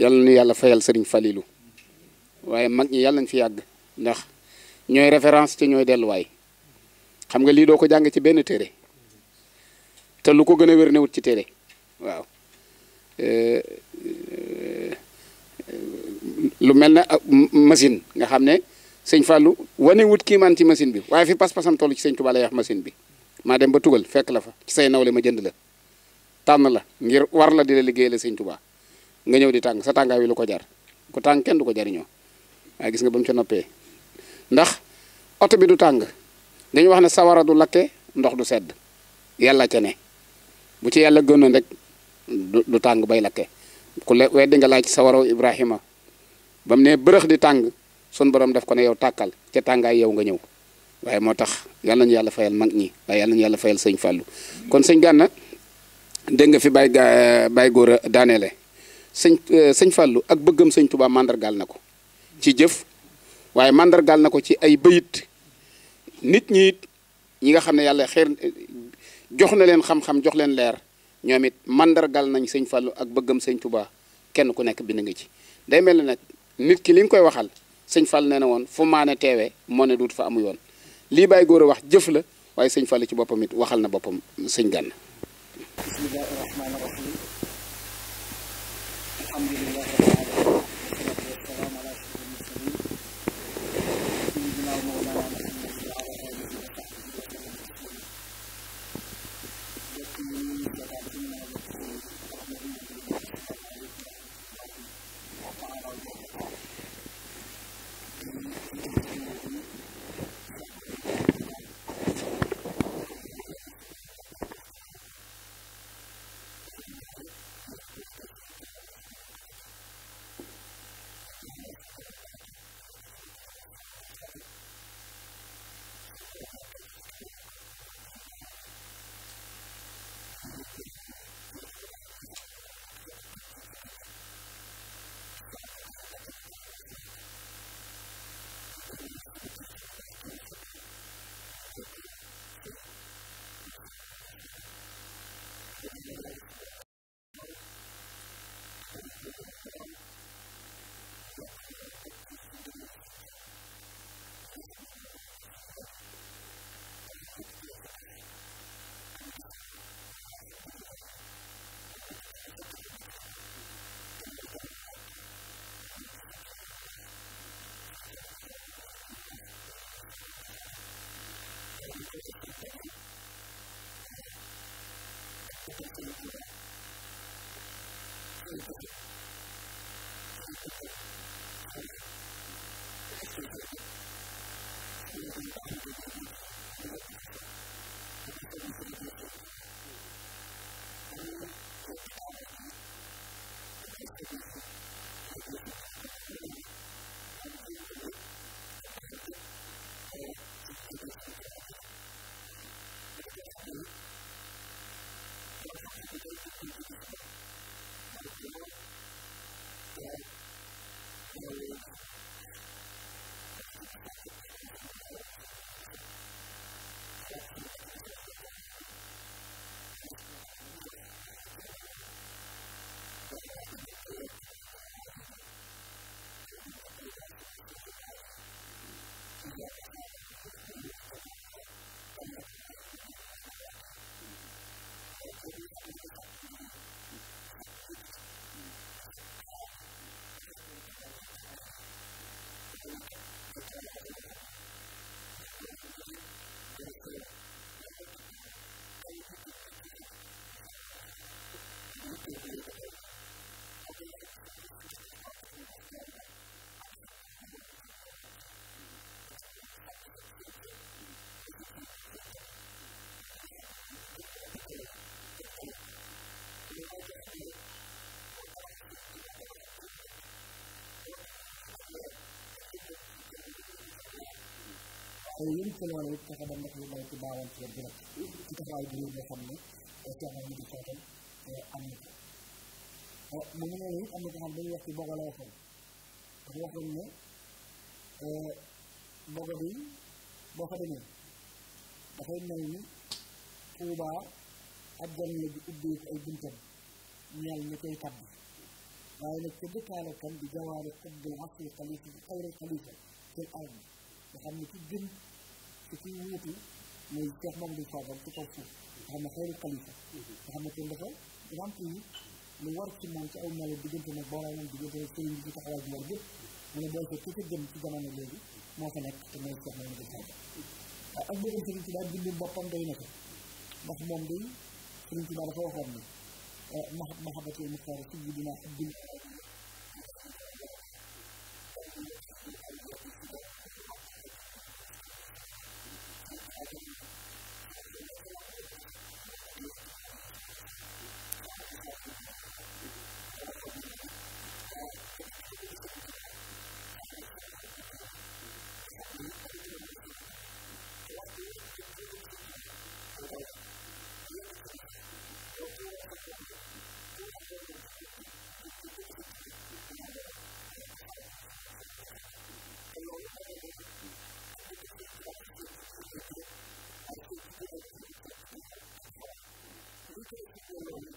yal nu yàlla fayal sëriñ Falilu waaye mag ñi yàlla nañ fi yàgg ndax ñooy référence ci ñooy delluwaay xam nga lii doo ko jàng ci benn téere te lu ko gën a wér newut ci téere waaw lu mel ne machine nga xam ne sëñ Fallou wane wut kii man ci machine bi waaye fi pas-pasam toll ci sëñ Touba lay wax machine bi maa dem ba tugal fekk la fa ci naw nawle ma jënd la tànn la ngir war la di la liggéey la sëñ Touba nga ñëw di tàng sa tàngaay wi lu ko jar ku tàng kenn du ko jariñoo waaye gis nga ba mu ca noppee ndax oto bi du tàng dañu wax ne sawara du lakke ndox du sedd yàlla ca ne bu ci yàlla gënoon rek du tàng bay lakke ku le weddi nga laaj sa waraw Ibrahima ba mu ne bërëx di tàng sun borom def ko ne yow tàkkal ce tàngaay yow nga ñëw waaye moo tax yal nañu yàlla fayal mag ñi waaye yàlla fayal sëñ Fallou kon sëñ Gana dégg nga fi Baye ga Baye Gora daaneele sëñ euh, sëñ Fallou ak bëggam sëñ Touba mandargaal na ko ci jëf waaye mandargaal na ko ci ay bëyit nit ñiit ñi nga xam ne yàlla xeer jox na leen xam-xam jox leen leer ñoom it mandargal nañ sëñ Fallou ak bëggam sëñ Touba kenn ku nekk bind nga ci day mel ni nag nit ki li nga koy waxal sëñ Fallou nee na woon fu maane teewee moo ne dut fa amu yoon lii bàyyi góor a wax jëf la waaye sëñ Fallou ci boppam it waxal na boppam sëñ Gana Thank you. tey yéen ci loolu it fexe ba ndox mi ci baawaan ci wàllu ci taxawaay bi nga xam ne Cheikh Mamadou Fadal am na ko. Oh, mu ngi wax ci bogo la waxoon dafa waxoon ne eh, bogo bi boo fa demee dafay mel ni Touba ak janna ji ubbeeku ay buntam ñeel ñu koy tabb waaye nag ca dëkkaale kan di jawaare xubbil asri xalifa xayri xalifa fil ardi nga xam ne ci gën ci ci wuutu mooy Cheikh Mamadou Fadal ci kaw suuf nga xam ne xëyru xalifa nga xam ne kon dafa remplir lu war ci moom ci aw melo diggante nag boroomam diggante nag sëriñ bi ci taxawaay bi war bépp mu ne booy ko ci gën ci jamono léegi moo fa nekk ne eh, max maxabati muxtaar si bi Thank you.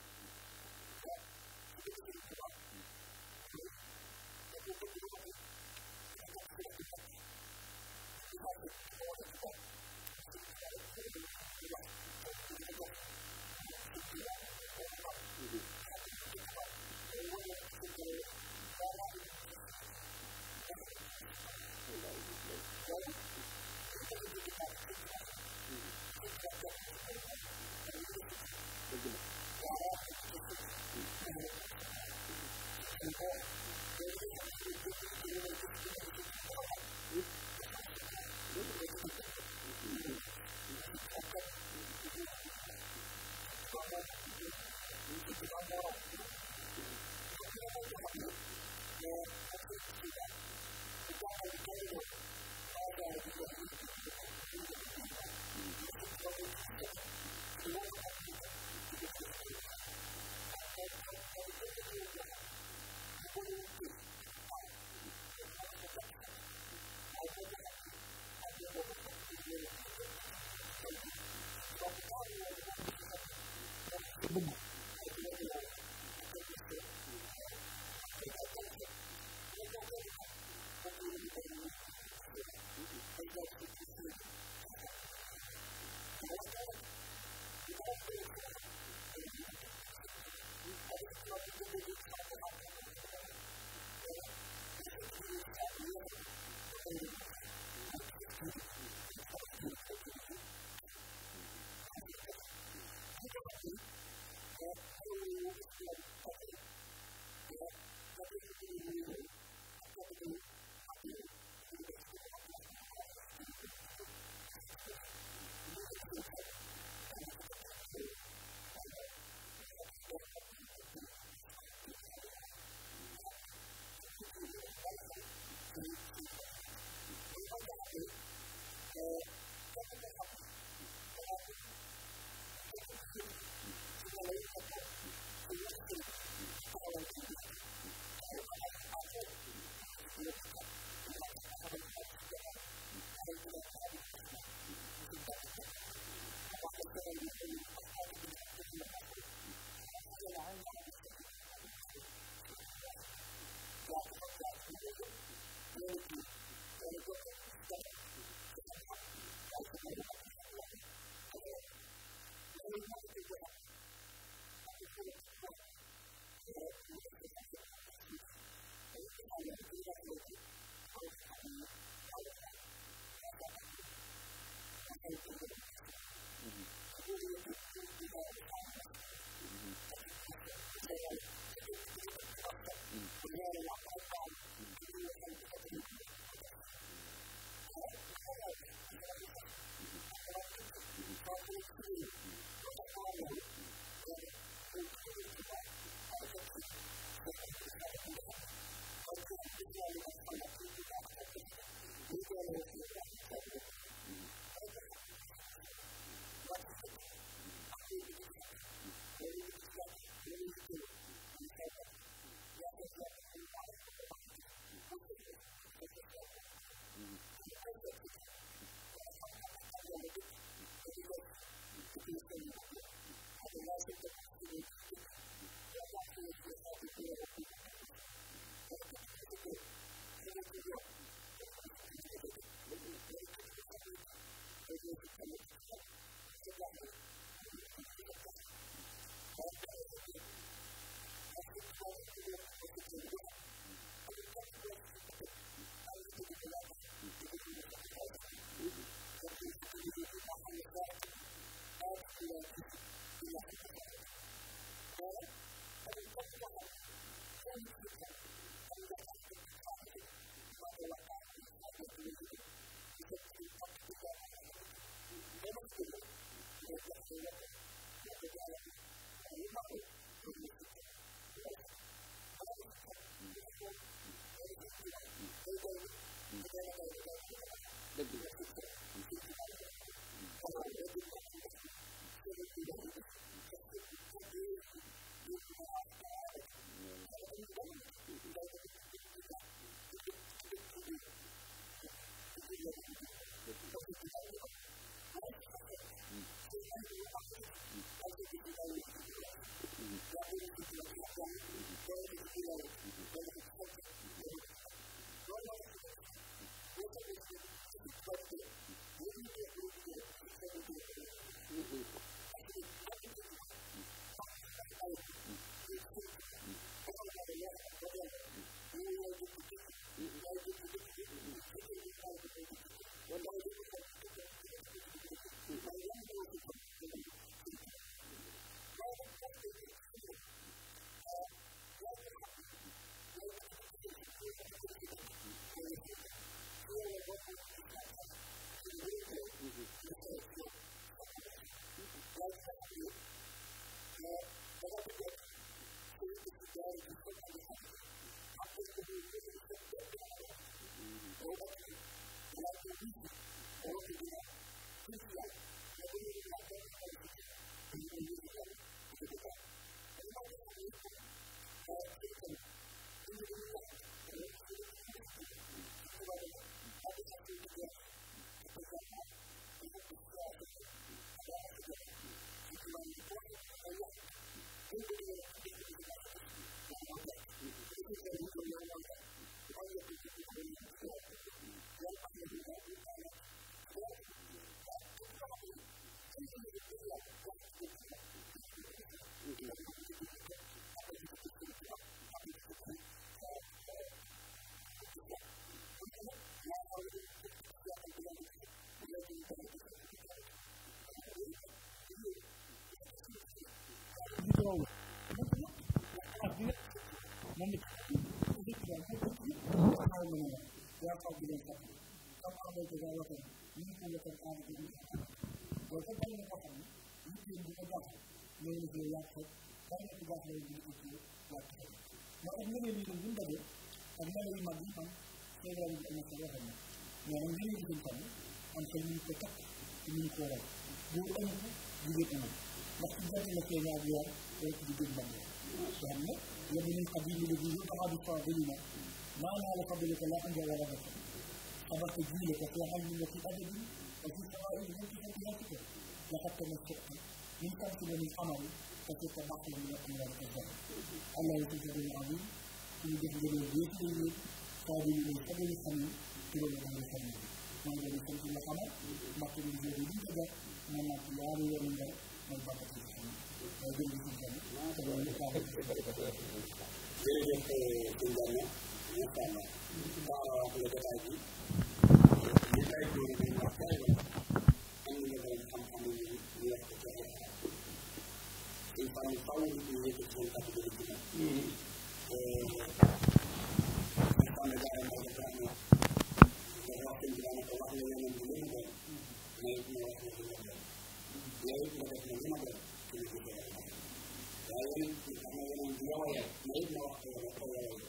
منها يرفع به الفقر رفع تجارته يمكن القرآن به والفقر من الفقر يمكن بالإضافة من مثل يأخذ كان الإضافة للأكل والكسب وقد من من المنبدئ قد نرى المضيفا سيرا للمسألة يعني من يمكن أن تكون من كورة بيقول بيقول ndax ci gerte la feeñaa bi yor rek di gën ba mu yor. xam ne yóbbu nañ xadim bi di yóbbu xadim faa ba ñu naan معنى لفضلك لا عند ولا لك حفظت دينك في علم وفي أدب وفي سواء منك حياتك لقد تمسكت من شمس ومن قمر فكنت بحر من الأموال والذهب الله يتجد العظيم في جهد البيت الطيب صادم من قبل السمين كل مكان السمين ما هو بشمس القمر مكتوب من جهد الجدة من الطيار ومن من بطة الحمام وجل في الجنة كذلك جرجت في الجنة yëpp am na waaw wax la jotaay bi li ngay dóor bi wax bari na am na borom xam-xam yi ñu wax ko ci ay suñ fànn faw nit ñi yëpp seen kàddu bi ci nag suñ fànn gaay mooy dafa am dafa wax seen bi daanaka wax na yeneen bi lu mu doon mais ma wax na lu ma doon yow it nga def na lu ma doon ci lu ci waaye it am na yeneen bi yow yel mais it ma wax ko yow ko yow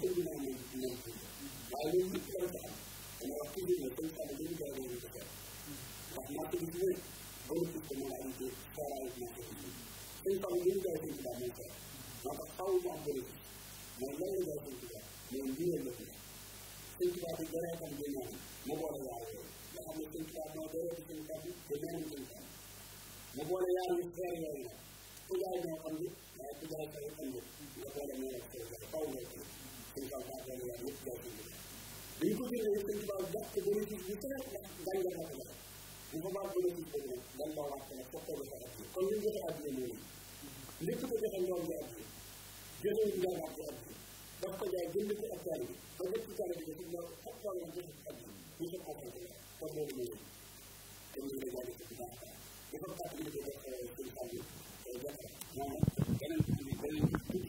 dégg naa moom moom waaye loolu yëpp dafa am dama wax toujours ne comme ça dañu koy doon ko def ndax marché bi ci nekk boo ci ko mën a am ci xaaraayu marché bi suñ xam ñu ngi koy sëñ bi daal mooy xeer moo tax xaw mu am bëri mooy lan la koy sëñ bi daal mooy mbiral la ko sëñ bi daal bi dara tam bi naan mu boole yaar yooyu nga xam ne sëñ bi daal moo doole ci sëñ bi te ñaanu sëñ bi mu boole yaar yu xeer yooyu nag ku jaay ñoo xam ne waaye ku jaay xeer xam ne nga boole ñoo xeer xaw nga ko sëñ Fall daa doon waar yëpp jaay ci biir dañu ko jëlee sëñ Fall jàpp bénéfice bi très ndax dañ la ko def bu boobaa bénéfice boobu nag dañ la wàcc nag foog ko joxe addiya kon li ñu joxe addiya loolu lépp ko joxe ndoom bi addiya jëlewul njaabaat bi addiya daf ko jaay jënd ko ak taal bi ba lépp taal bi dafa ñëw ak taal la joxe addiya ñu jox ko addiya kon loolu loolu te ñu ngi lay jaay ci baax dafa fàttali ko jox sëñ Fall yi joxe maanaam beneen beneen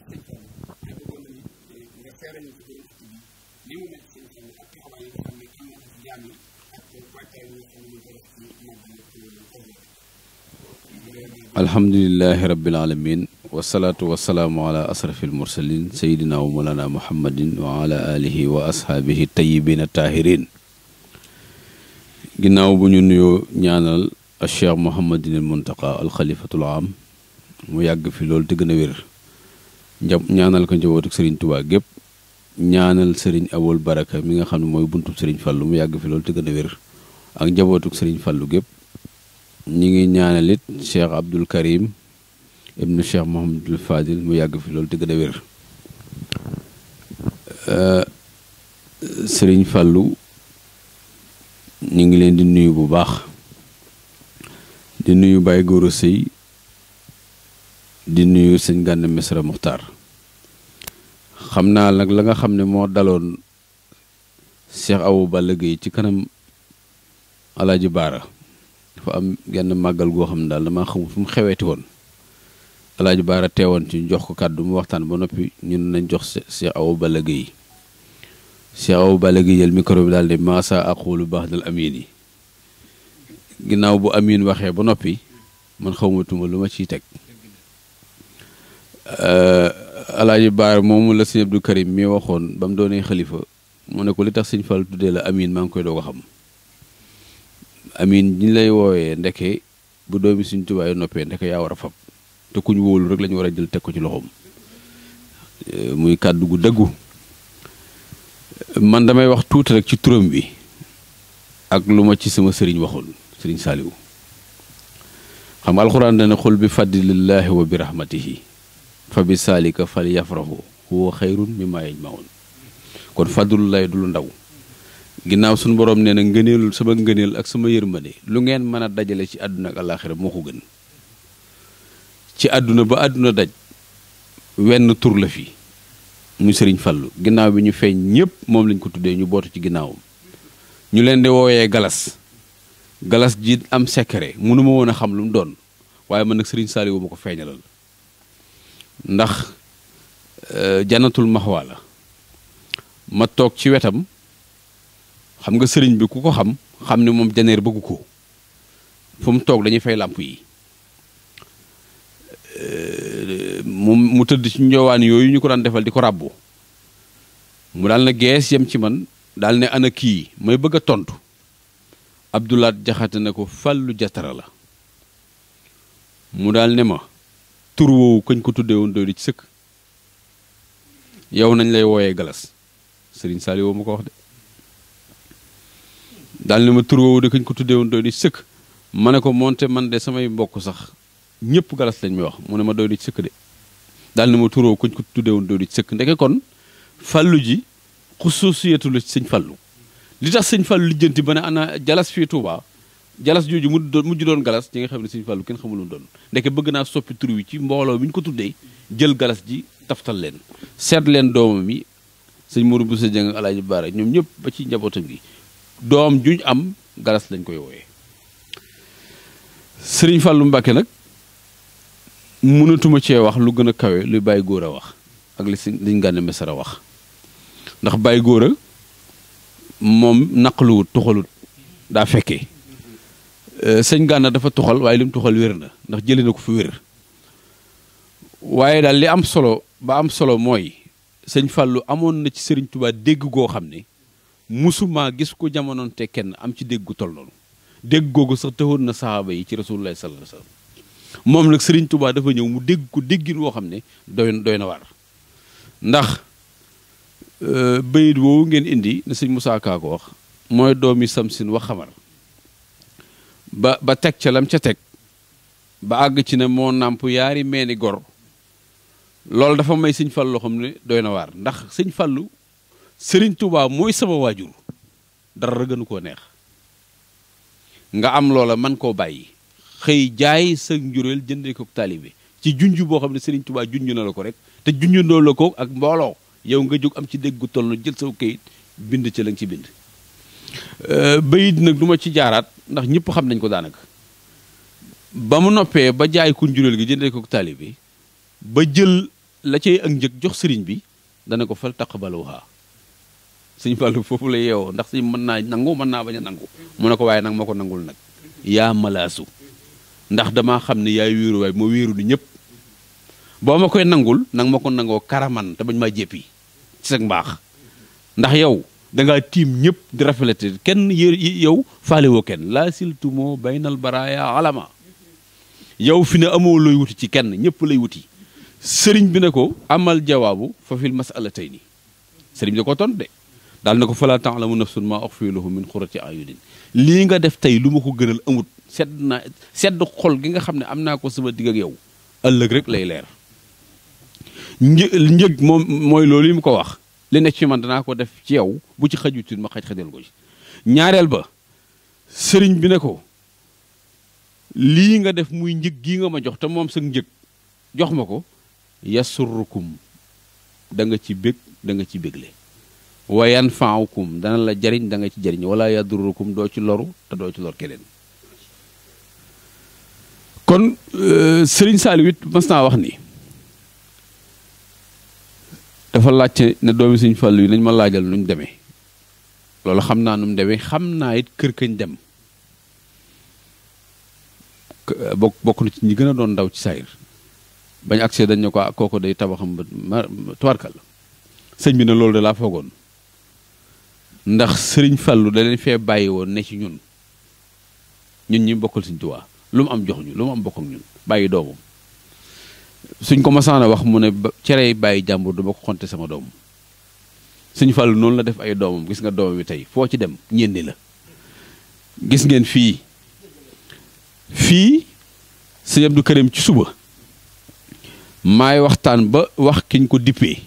teel rabbil alamin wasalaatu wasalaamu ala asrafi almursalin sayidina wa molana muhammadin wa ala wa ashaabihi tayibina taahirin ginnaaw bu ñu nuyoo ñaanal cheikh mohamadin al muntaqa alxalifatul am mu yàgg fi loolu te gën wér ñaanal ko njabootu sëriñ gépp ñaanal sëriñ awul Baraka mi nga xam ne mooy buntu sëriñ Fallu mu yàgg fi loolu te gën a wér ak njabootuk sëriñ Fallu gépp ñu ngi ñaanal it Cheikh Abdul Karim ibnu Cheikh Mohamadul Fadil mu yàgg fi loolu te gën a wér euh, sëriñ Fallu ñu ngi leen di nuyu bu baax di nuyu Baye Gora Seye di nuyu sëñ gànn Messere Muxtaar xam naa nag la nga xam ne moo daloon Cheikh Abou Balla Gueye ci kanam Alaaji Baara dafa am genn màggal goo xam ne daal damaa xamul fu mu xeweeti woon Alaaji Baara teewoon ci jox ko kàddu mu waxtaan ba noppi ñun nañ jox Cheikh Abou Balla Gueye Cheikh Abou Balla Gueye jël micro bi daal di maasa aqulu ba'dal amiin yi ginnaaw bu amiin waxee ba noppi man tuma lu ma ciy teg euh, alaaji baar moomu la sëñ Abdou Karim mi waxoon bam mu doonee xalifa mu ne ko li tax sëñ Fall tuddee la Amine maa ngi koy doo a xam Amine ñi lay woowee ndekke bu doomi suñ Tuubaa yi noppee ndeke yaa war a fab te kuñ wóolu rek la war a jël teg ko ci loxoom eh, muy kàddu gu dëggu man damay wax tuuti rek ci turam bi ak lu ma ci sama sëriñ waxoon sëriñ Saaliwu xam nga alxuraan dana xul bi fadlillahi wa bi rahmatihi fa bi saalika fal yafrahu huwa xayrun mimmaa yajmaun kon fadlullahi du lu ndaw ginnaaw suñu borom nee na ngëneelul sama ngëneel ak sama yërmande lu ngeen mën a dajale ci àdduna ak àllaaxira moo ko gën ci àdduna ba àdduna daj wenn tur la fi mu sëriñ Fallu ginnaaw bi ñu feeñ ñëpp moom lañ ko tuddee ñu bootu ci ginnaawam ñu leen di woowee galas galas ji am secret mënuma woon a xam lu mu doon waaye man nag sëriñ Saaliwu ma ko feeñalal ndax euh, janatul maxwa la ma toog ci wetam xam nga sëriñ bi ku ko xam xam ne moom janeer bëggu ko fu mu toog dañuy fay làmp yi euh, mu mu tëdd ci njowaan yooyu ñu ko daan defal di ko ràbbu mu daal na gees yem ci man daal ne ana kii may bëgg a tontu Abdoulaat jaxate na ko fàllu jatara la mu daal ne ma tur woowu kañ ko tuddee woon doy du ci sëkk yow nañ lay wooyee galas sëriñ Saliou ma ko wax de daal ne ma tur woowu de kañ ko tuddee woon doy di ci sëkk ma ne ko moonte man de samay mbokk sax ñëpp galas lañ may wax mu ne ma doy du ci sëkk de daal ma tur woowu ko tuddee woon doy du ci sëkk ndeke kon fàllu ji xusuusiyatu la ci sëñ fàllu li tax sëñ fàllu lijjanti ba ne ana jalas fii Touba jalas jooju mu doon mujj doon galas ci nga xam ne Sëriñ Fallu kenn xamuloon doon ndeke bëgg naa soppi tur ci mbooloo mi ñu ko tuddee jël galas ji taftal leen seet leen doomam yi sëñ Mourou Bousso Dieng Alaaji Baara ñoom ñëpp ba ci njabootam gi doom juñ am galas lañ koy wooyee Sëriñ Fallu Mbàkke nag mënatuma cee wax lu gën a kawe lu bàyyi góor a wax ak li si liñ gànne mesar a wax ndax bàyyi góor a moom naq naqaluwut tuxalut daa fekkee Euh, sëñ Gana dafa toxal waaye li mu tuxal wér na ndax jëlee na ko fi wér waaye daal li am solo ba am solo mooy sëñ Fàllu amoon na ci sëriñ tubaa dégg goo xam ne musuma gis ko jamonoon te kenn am ci dégg gu toll noonu dégg googu sax taxoon na saxaaba yi ci Rasulullah sallallahu alayhi moom nag sëriñ tubaa dafa ñëw mu dégg ko déggin woo xam ne doy doy na waar ndax euh, bayit woowu ngeen indi na sëñ Musaa Kaa wax mooy doomi samsin wax xamar ba ba teg ca lam ca teg ba àgg ci ne moo nàmp yaari meeni gor loolu dafa may sëñ Fallu xam ne doy na waar ndax sëñ Fallu sëriñ Tuubaa mooy sama waajur dara gënu koo neex nga am loola man koo bàyyi xëy jaay sa njureel jëndee ko taalibe ci junj boo xam ne sëriñ Tuubaa junj na la ko rek te junjandoo la ko ak mbooloo yow nga jóg am ci dégg toll na jël saw kayit bind ca la nga ci bind Euh, bayit nag duma ci jaaraat ndax ñëpp xam nañ ko daanaka ba mu noppee ba jaay kun juréel gi jëndee ko taali bi ba jël la cay ak njëg jox sëriñ bi dana ko fal taqbaluha sëñ Fallou foofu la yeewoo ndax sëñ mën naa nangu mën naa bañ a nangu mu ne ko waaye nag ma ko nangul nag yaa malaasu ndax dama xam ne yaay wéeru waaye moo wéeru ni ñëpp boo ma koy nangul nang ma ko nangoo karaman te bañ maa jéppi ci sag mbaax ndax yow da tiim ñëpp di rafetlate kenn yow faale woo kenn laa siltumoo baynal baraaya alama yow fi ne amoo looy wuti ci kenn ñëpp lay wuti sëriñ bi ne ko amal jawaabu fa fil masalatayni sëriñ bi da ko ton de daal na ko falaa taalamu nafsun maa ox fii lahu min xurati ayunin lii nga def tey lu ma ko gënal amut sedd sedd xol gi nga xam ne am naa ko sama digg ak yow ëllëg rek lay leer një njëg moom mooy loolu yi mu ko wax li ne ci man danaa ko def ci yow bu ci xajutit ma xaj xajal ko ci ñaareel ba sëriñ bi ne ko lii nga def muy njëg gii nga ma jox te moom sag njëg jox ma ko yasurrukum da nga ci bég da nga ci bégle wa yanfaukum dana la jariñ danga ci jariñ wala yadurrukum doo ci loru te doo ci lor keneen kon euh, sëriñ Saliou it mas naa wax ni dafa laajte ne doomi sëñ Fàllu yi nañ ma laajal nuñ demee loolu xam naa nu mu demee xam naa it kër kañ dem eh, bokk bokk na ci ñi gën a doon ndaw ci saayir bañ accès dañ ne ko ah, kooku day tabaxam ba tubaarkal sëñ bi ne loolu de laa foogoon ndax sëriñ Fàllu da fee bàyyi woon ne ci ñun ñun ñi bokkal sëñ Tuubaa lu mu am jox ñu lu mu am bokk ñun bàyyi doomam suñ ko masaana wax mu ne cerey bàyyi jàmbur du ma ko xonte sama doom suñ fàllu noonu la def ay doomam gis nga doomam bi tey foo ci dem ñenni la gis ngeen fii fii sëñ Abdou Karim ci suba maay waxtaan ba wax kiñ ko dippee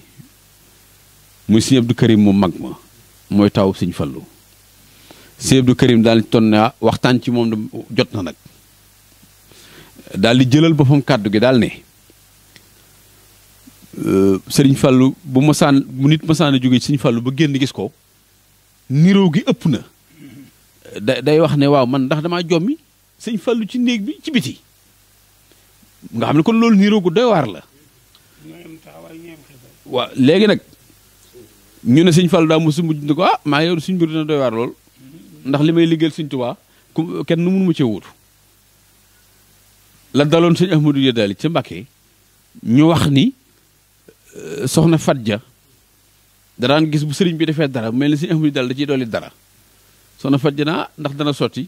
muy sëñ Abdou Karim mu mag ma mooy taw sëñ Fallu sëñ Abdou Karim daal di ton ah, waxtaan ci moom jot na nag daal di jëlal boppam kàddu gi daal ne Euh, sëriñ fàllu bu masaan bu nit masaan jóge sëriñ fallu ba génn gis ko niroo gi ëpp na da day wax ne waaw man ndax damaa jommi sëriñ fallu ci néeg bi ci biti nga xam ne kon loolu niroo gu doy la waaw léegi nag ñu ne sëriñ fàllu daa mosu mujj ne ko ah maa ngi yow suñ mbir dina doy waar lool ndax li may liggéeyal sëriñ Tuubaa kenn nu mënu ma cee wuutu la daloon sëriñ Ahmadou Yadaali ca Mbàkke ñu wax ni Euh, soxna Fadja da daan gis bu sëriñ bi defee dara mel na si amul dal da ciy dolli dara soxna Fadja naa ndax dana sotti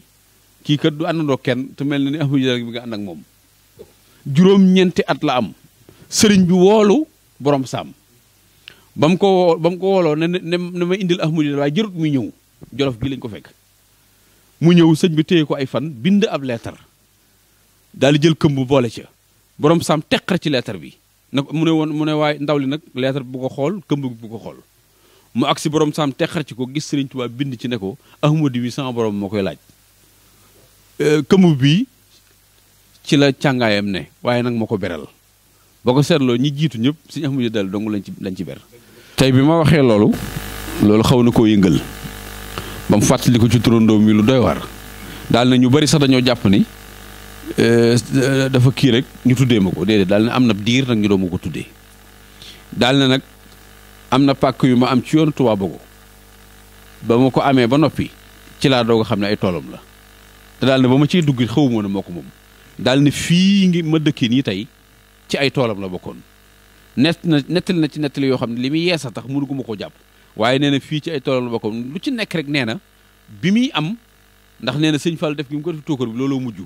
kii kat du àndandoo kenn te mel na ni amul dal bi nga ànd ak moom. juróom-ñeenti at la am sëriñ bi woolu borom saam ba mu ko woo ko wooloo ne ne ne ma indil ahmadu waaye jërut muy ñëw jolof gi lañ ko fekk mu ñëw sëñ bi téye ko ay fan bind ab leetar daal di jël bu boole ca borom saam teqar ci leetar bi. na mu ne woon mu ne waaye ndaw li nag lettre bu ko xool këmb bu ko xool mu agsi si borom saam texar ci ko gis Serigne Touba bind ci ne ko ahmadu bi sama borom moo koy laaj euh, këmb bii ci la càngaayam ne waaye nag moo ko beral boo ko seetloo ñi jiitu ñëpp suñu ahmadu dal dong lañ ci lañ ci ber. tey bi ma waxee loolu. loolu xaw na koo yëngal. ba mu fàttali ci turandoo mi lu doy waar. daal na ñu bari sax dañoo jàpp ni. Euh, dafa kii rek ñu tuddee ma ko déedéet daal na am na diir nag ñu doon ma ko tuddee daal na nag am na pàkk yu ma am ci yoonu Touba Bogo ba ma ko amee ba noppi ci laa doog a xam ne ay toolam la te daal na ba ma ciy dugg xawuma ne moo ko moom daal ne fii ngi ma dëkkee nii tey ci ay toolam la bokkoon nett na nettali na ci nettali yoo xam ne li mu yeesa tax mënu gu ma ko jàpp waaye nee na fii ci ay toolam la bokkoon lu ci nekk rek nee na bi muy am ndax nee na sëñ Fall def gi ko def looloo mujj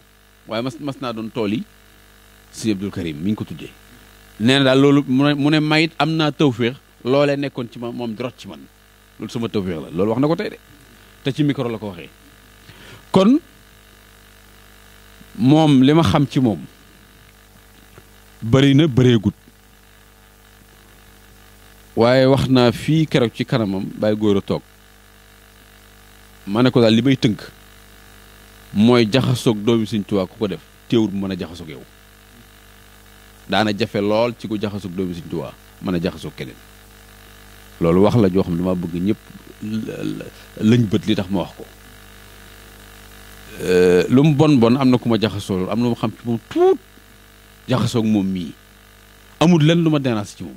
waaye mas mas naa doon tool yi si Abdul Karim mi ko tuddee nee na daal loolu mu ne mayit am naa tawféex loolee nekkoon ci ma moom di ci man loolu sama tawféex la loolu wax na ko tey de te ci micro la ko waxee kon moom li ma xam ci moom bari na bëreegut waaye wax naa fii keroog ci kanamam bàyyi góor a toog ma ne ko daal li may tënk mooy jaxasoog doomi Sëñ Tuubaa ku ko def téewul mën a jaxasoog yow daana jafe lool ci ku jaxasoog doomi Sëñ Tuubaa mën a jaxasoog keneen loolu wax la joo xam ne dama bëgg ñëpp lañ bët li tax ma wax ko euh, lu mu bon bon am na ku ma jaxasoo am na lu ma xam ci moom tuut jaxasoog moom mii amul lenn lu ma dérange ci moom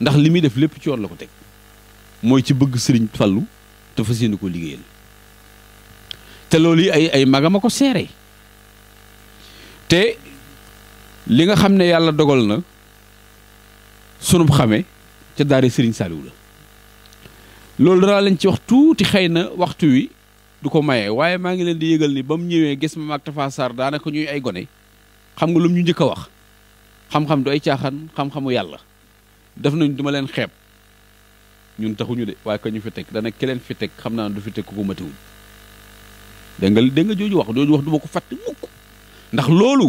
ndax li muy def lépp ci yoon la ko teg mooy ci bëgg sëriñ Fallu te fas yéene ko liggéeyal te loolu yi ay ay magam a ko seere te li nga xam ne yàlla dogal na sunum xame ca daari Serigne Saliou la loolu danaa leen ci wax tuuti xëy na waxtu wi du ko maye waaye maa ngi leen di yëgal ni ba mu ñëwee gis ma maag Tafa Sarr daanaka ñuy ay gone xam nga lu ñu njëkk a wax xam-xam du ay caaxaan xam-xamu yàlla def nañ duma leen xeeb ñun taxuñu de waaye ko ñu fi teg dana ki leen fi teg xam naa du fi teg ku ko matiwul dégg nga dégg nga jooju wax jooju wax du ma ko fàtte mukk ndax loolu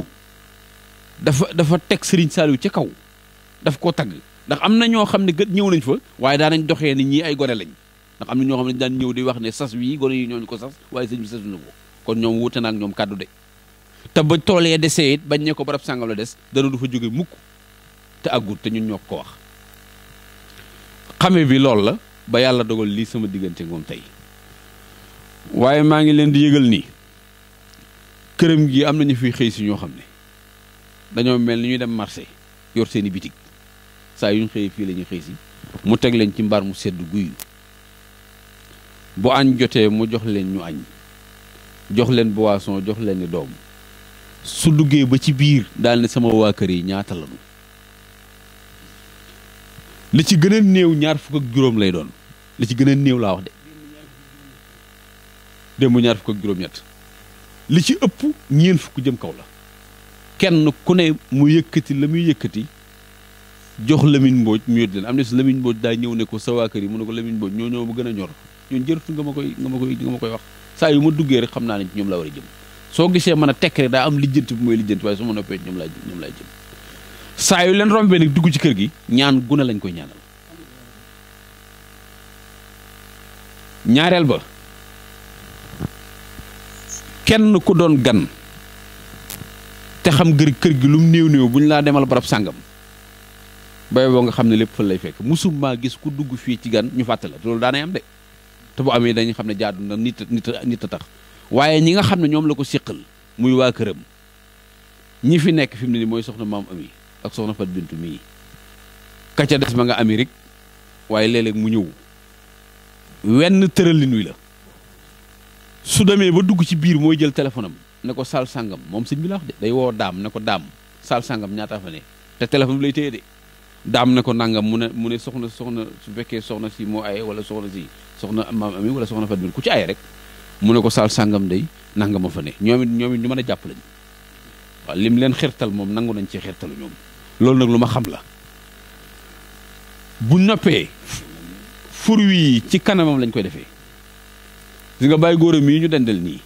dafa dafa teg Serigne Saliou ci kaw daf ko tagg ndax am na ñoo xam ne gët ñëw nañ fa waaye daanañ doxee ni ñii ay gone lañ ndax am na ñoo xam ne daan ñëw di wax ne sas wii gone yi ñoo ñu ko sas waaye sëñ bi sasuñu ko kon ñoom wuute ak ñoom kàddu de te ba toolee desee it bañ ne ko barab sàngam la des dana du fa jóge mukk te àggul te ñun ñoo ko wax xame bi loolu la ba yàlla dogal lii sama diggante moom tey waaye maa ngi leen di yëgal nii këram gi am nañu fi xëy si ñoo xam ne dañoo mel ni ñuy dem marché yor seeni i bitig saa yuñ ñu xëyee fii lañuy ñuy si mu teg leen ci mbaar mu sedd guy bu añ jotee mu jox leen ñu añ jox leen boisson jox leen ni doom su duggee ba ci biir daal ne sama waa kër yi ñaata lañu li ci gën néew ñaar fukk ak juróom lay doon li ci gën a néew laa wax de démb ñaar fukk ak juróom-ñett li ci ëpp ñeen fukk jëm kaw la kenn ku ne mu yëkkati la muy yëkkati jox Lamine Mbodj mu yót leen am na si Lamine Mbodj daa ñëw ne ko sa waa kër yi mu ne ko Lamine Mbodj ñoo ñoo ma gën a ñor ñun jërëtu nga ma koy ma koy nga koy wax saa yu ma duggee rek xam naa ne ci ñoom laa war a jëm soo gisee mën a tekk rek daa am lijjanti bu mooy lijjanti waaye su ma noppee ñoom ñoom laa jëm saa yu leen rombee nag dugg ci kër gi ñaan ne lañ koy ñaanal ñaareel ba kenn ku doon gan te xam gër kër gi lum néew néew bu ñu laa demal barab sàngam ba boo nga xam ne lépp fa lay fekk musum maa gis ku dugg fii ci gan ñu fàtte la loolu daanay am de te bu amee dañuy xam ne jaadu na nit nit nit a tax waaye ñi nga xam ne ñoom la ko séqal muy waa këram ñi fi nekk fi mu ne nii mooy soxna maam ami ak soxna fat bintu mii ka ca des ma nga amee Amérique waaye léeg mu ñëw wenn tëralin wi la su demee ba dugg ci biir mooy jël téléphone ne ko saal sàngam moom sëñ bi la de day woo daam ne ko daam saal sangam ñaata fa ne te téléphone bi lay téye de daam ne ko nangam mu ne mu ne soxna soxna su fekkee soxna si moo aye wala soxna si soxna maam ami wala soxna Fatou ku ci aye rek mu ne ko saal sàngam day nangama fa ne ñoom it ñoom ñu mën a jàpp lañ waaw lim leen xirtal moom nangu nañ ci xirtalu ñoom loolu nag lu ma xam la bu noppee fur wi ci kanamam lañ koy defee. gis nga bàyyi góor mii ñu dendal nii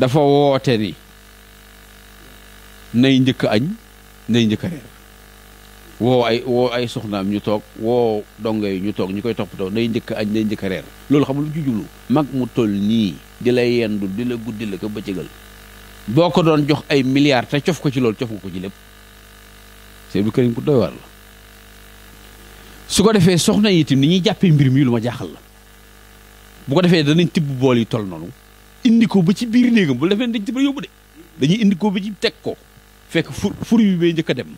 dafa woote ni nay njëkk añ nay njëkk reer woo ay woo ay soxnaam ñu toog woo dongo yi ñu toog ñu koy toppatoo nay njëkk añ nay njëkk reer loolu xamul lu ci mag mu toll nii di la yendul di la guddi la ko bëccëgal boo ko doon jox ay milliards te cof ko ci loolu cof nga ko ci lépp seet bu këriñ ku doy la su ko defee soxna yi ni ñuy jàppee mbir mi lu ma jaaxal la bu ko defee danañ tibb bool yi tol noonu indi ko ba ci biir néegam bu defee dañ tibb yóbbu de dañuy indi ko ba ci teg ko fekk fur fruit bi bay njëkk a dem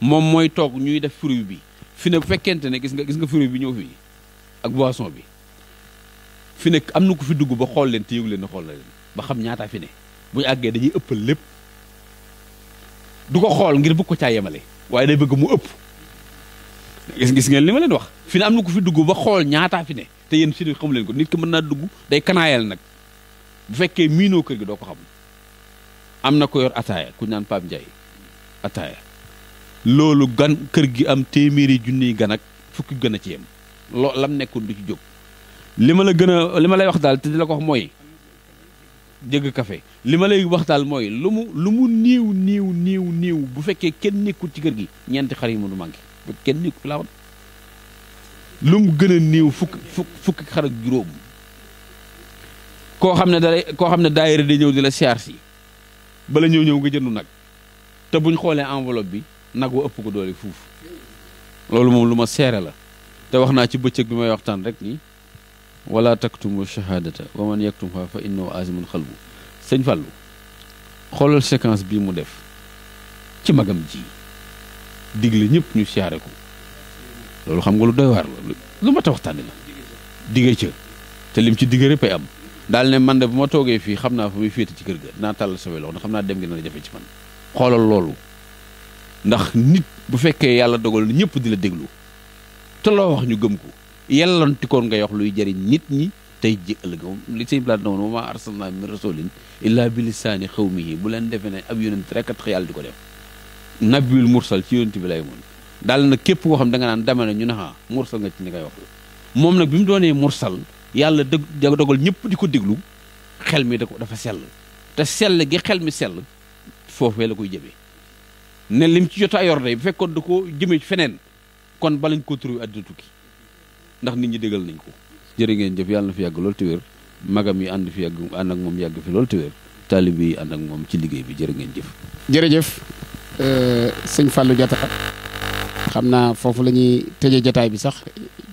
moom mooy toog ñuy def fruit bi fi ne bu fekkente ne gis nga gis nga fruit bi ñëw fii ak boisson bi fi ne am na ku fi dugg ba xool leen te yëgu ne xool na leen ba xam ñaata fi ne bu ñu àggee dañuy ëppal lépp du ko xool ngir bëgg ko caa yemale waaye day bëgg mu ëpp gis gis ngeen li ma leen wax fi ne am na ku fi dugg ba xool ñaataa fi ne te yéen fi xamu leen ko nit ki mën naa dugg day kanaayal nag bu fekkee miinoo kër gi doo ko xam am na ko yor ataaya ku naan Pape Ndiaye ataaya loolu gan kër gi am téeméeri junniy gan ak fukki gën a ci yem loo lam nekkoon du ci jóg li ma la gën a li ma lay wax daal te di la ko wax mooy jëgg kafe li ma lay wax daal mooy lu mu lu mu néew niiw néew néew bu fekkee kenn nekkul ci kër gi ñeenti xar yi mu du manqué kenn ni ko lu mu gën a néew fukk fukki xar juróom koo xam ne da koo xam ne daayira di ñëw di la siyaar si bala ñëw ñëw nga jëndu nag te buñ xoolee enveloppe bi nag wa ëpp ko doole fuuf loolu moom lu ma seere la te wax naa ci bëccëg bi may waxtaan rek ni wala taktumu shahadata wa man yaktumha fa innahu azimun xalbu sëñ Fallou xoolal séquence bii mu def ci magam ji digle ñëpp ñu siyaare ko loolu xam nga lu doy waar la lu mat a waxtaane la dige ca te lim ci dige rëppay am daal ne man de bu ma toogee fii xam naa fa muy féete ci kër ga dinaa tàllal sama loxo xam naa dem gi dana jafe ci man xoolal loolu ndax nit bu fekkee yàlla dogal na ñëpp di la déglu te loo wax ñu gëm ko yellantikoon nga yox luy jëriñ nit ñi tey ji ëllëg moom li sëñ Blaat na woon wa maa arsalnaa min rasuulin illaa bi lisaani xawmihi bu leen defee ne ab yonent rek a tax yàlla di nabiyul mursal ci yonent bi lay mun daal nag képp koo xam da nga naan dama ne ñu ne ah mursal nga ci ni ngay wax moom nag bi mu doonee mursal yàlla dëgg dogal ñëpp di ko déglu xel mi da ko dafa sell te sell gi xel mi sell foofee la koy jëmee ne lim ci jot a yor day bu fekkoon da ko jëmee feneen kon balañ ko tur turu àddina tukki ndax nit ñi déggal nañ ko. jërë ngeen jëf yàlla na fi yàgg lool te wér magam yi ànd fi yàgg ànd ak moom yàgg fi loolu te wér taalib yi moom ci liggéey bi jërë ngeen jëf. Euh, sëñ Fallou Diatta xam naa foofu la ñuy tëjee jataay bi sax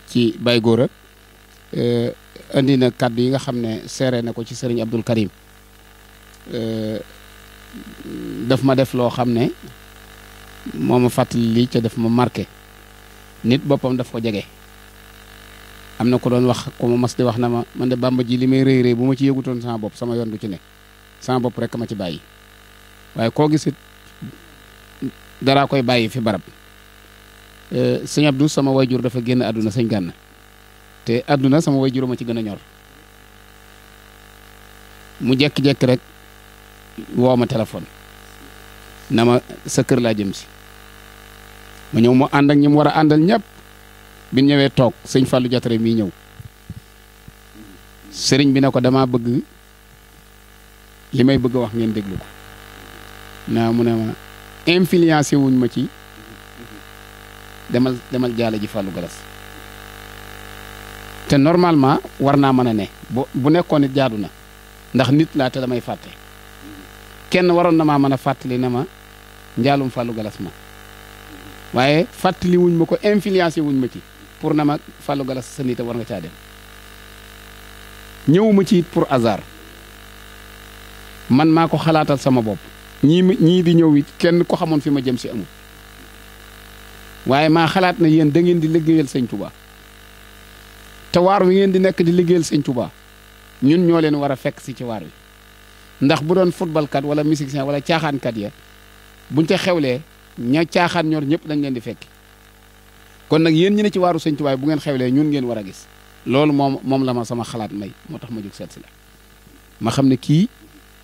ci Baye Gora indi euh, na kàddu yi nga xam ne seere na ko ci sëriñ Abdul Karim euh, daf ma def loo xam ne moom ma fàttali lii ca def ma marqué nit boppam daf ko jege am na ko doon wax ko ma mas di wax na ma man de bàmba ji li may rëy rëy bu ma ci yëgutoon sama bopp sama yoon du ci ne sama bopp rek ma ci bàyyi waaye koo gisit daraa koy bàyyi fi barab euh, sëñ Abdou sama wayjur dafa génn àdduna sëñ Gànna te àdduna sama wayjur ma ci gën a ñor mu jekk-jekk rek woo ma téléphone na ma sa kër laa jëm si ma ñëw mu ànd ak ñi mu war a àndal ñëpp bi ñëwee toog sëñ Fallou Jatare mii ñëw sëriñ bi ne ko damaa bëgg li may bëgg wax ngeen déglu ko naa mu ne ma influencé wuñ ma ci demal demal jaale ji Fallou galas te normalement war naa mën a ne bu bu nekkoon nit jaadu na ndax nit laa te damay fàtte kenn waroon na maa mën a fàttali na ma njaalum fàllu Galass ma waaye fàttaliwuñ ma ko influencé wuñ ma ci pour na ma Fallou galas sa nit war nga caa dem ñëwuma ci pour hasard man maa ko xalaatal sama bopp ñii ñii di ñëw it kenn ko xamoon fi ma jëm si amul waaye maa xalaat na yéen da ngeen di liggéeyal sëñ te waar wi ngeen di nekk di liggéeyal sëñ ñun ñoo leen war a fekk si ci waar wi ndax bu doon football kat wala musicien wala caaxaankat ya buñ ca xewlee ña caaxaan ñor ñëpp dañ leen di fekki kon nag yéen ñi ne ci waaru sëñ Touba bu ngeen xewlee ñun ngeen war a gis loolu moom moom la ma sama xalaat may moo tax ma jóg seet si la ma xam ne kii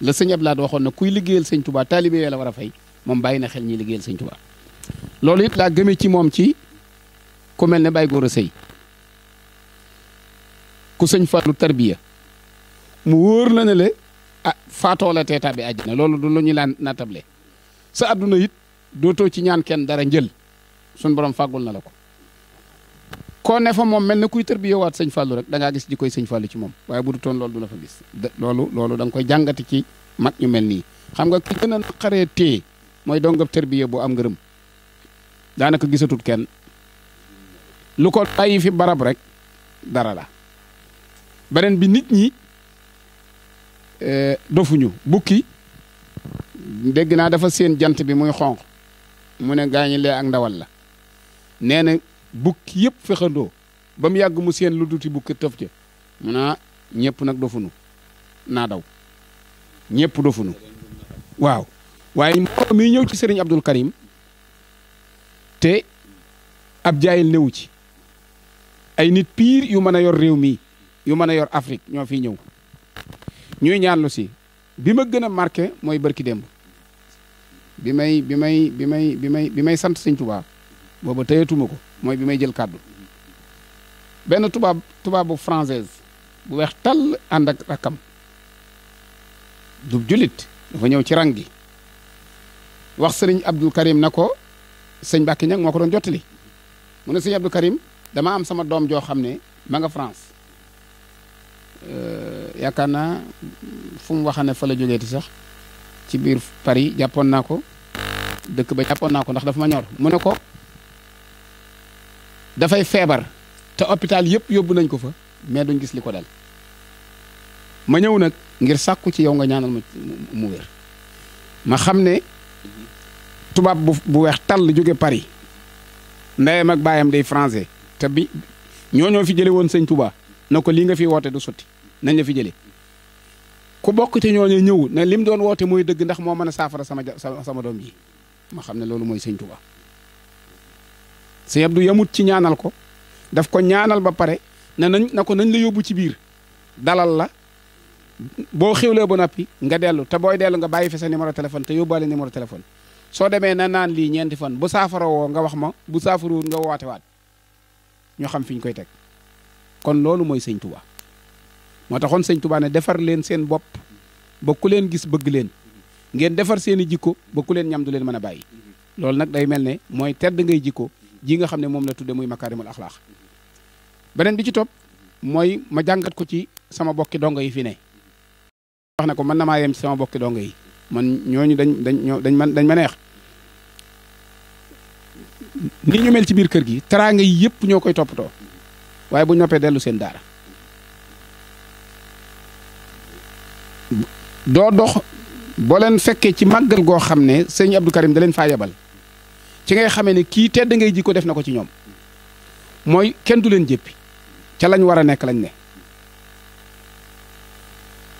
la sëñ Abdoulaye waxoon na kuy liggéeyal sëñ Touba taalibe yee la war a fay moom bàyyi na xel ñuy liggéeyal sëñ Touba loolu it laa gëmee ci moom ci ku mel ne Baye Gora Seye ku sëñ Fallou tarbiya mu wóor la ne le ah faatoo la teetaa bi àjjana loolu du lu ñu laan naatable sa adduna it dootoo ci ñaan kenn dara njël suñ borom fàggul na la ko koo ne fa moom mel na kuy tërbiyewaat sëñ Fallou rek da ngaa gis di koy sëñ Fallou ci moom waaye bu du toon loolu du la fa gis loolu loolu danga koy jàngati ci mat ñu mel nii xam nga ki gën a naqaree téye mooy dongab tërbiye bu am ngërëm daanaka gisatut kenn lu ko bàyyi fi barab rek dara la beneen bi nit ñi e, dofuñu bukki dégg naa dafa séen jant bi muy xonq mu ne gaañi ak ndawal la nee bukki yëpp fexandoo ba mu yàgg mu seen lu duti bukki tëf ca mu naa ah, ñëpp nag dofunu naa daw ñëpp dofunu waaw waaye moom ñëw ci sëriñ Abdul Karim te ab jaayil néwu ci ay nit piir yu mën a yor réew mi yu mën a yor Afrique ñoo fi ñëw ñuy ñaanlu si bi ma gën a marqué mooy barki dem bi may bi may bi may bi may may sant sëñ Tuubaa booba tayatuma ko mooy bi may jël kàddu benn tubaab tubaab bu française bu weex tàll ànd ak rakkam du julit dafa ñëw ci rang gi wax sëriñ Abdul Karim na ko sëñ Mbàkke Ñaŋ moo ko doon jottali mu ne sëñ Abdul Karim dama am sama doom joo xam ne ma nga France euh, yaakaar naa fu mu waxane fa la jógeeti sax ci biir Paris jàppoon naa ko dëkk ba jàppoon naa ko ndax dafa ma ñor mu ne ko dafay feebar te hôpital yëpp yóbbu nañ ko fa mais duñ gis li ko dal ma ñëw nag ngir sàkku ci yow nga ñaanal ma mu wér ma xam ne tubaab bu bu weex tàll jóge Paris ndeyam ak baayam day français te bi ñoo ñoo fi jële woon sëñ Touba na ko lii nga fi woote du sotti nañ la fi jële ku bokk ci ñooñu ñëw ne lim doon woote mooy dëgg ndax moo mën a saafara sama sama doom yi ma xam ne loolu mooy sëñ Touba sëñ Abdou yamut ci ñaanal ko daf ko ñaanal ba pare ne nañ na ko nañ la yóbbu ci biir dalal la boo xewlee ba noppi nga dellu te booy dellu nga bàyyi fi sa numéro téléphone te yóbbaale numéro téléphone soo demee na naan lii ñeenti fan bu saafara woo nga wax ma bu saafarawoo nga woote waat ñu xam fi koy teg kon loolu mooy sëñ Touba moo taxoon sëñ Touba ne defar leen seen bopp ba ku leen gis bëgg leen ngeen defar seen i jikko ba ku leen ñam du leen mën a bàyyi loolu nag day mel ne mooy tedd ngay jikko jii nga xam ne moom la tudde muy makaarimul axlaax beneen bi ci topp mooy ma jàngat ko ci sama bokki dongo yi fi ne wax na ko mën na maa yem ci sama bokki dongo yi man ñooñu dañ dañ ñoo dañ man dañ ma neex ni ñu mel ci biir kër gi teraanga yi yëpp ñoo koy toppatoo waaye bu noppee dellu seen daara doo dox boo leen fekkee ci màggal goo xam ne sëñ Abdou Karim da leen faa yebal ci ngay xamee ne kii tedd ngay ko def na ko ci ñoom mooy kenn du leen jéppi ca lañ war a nekk lañ ne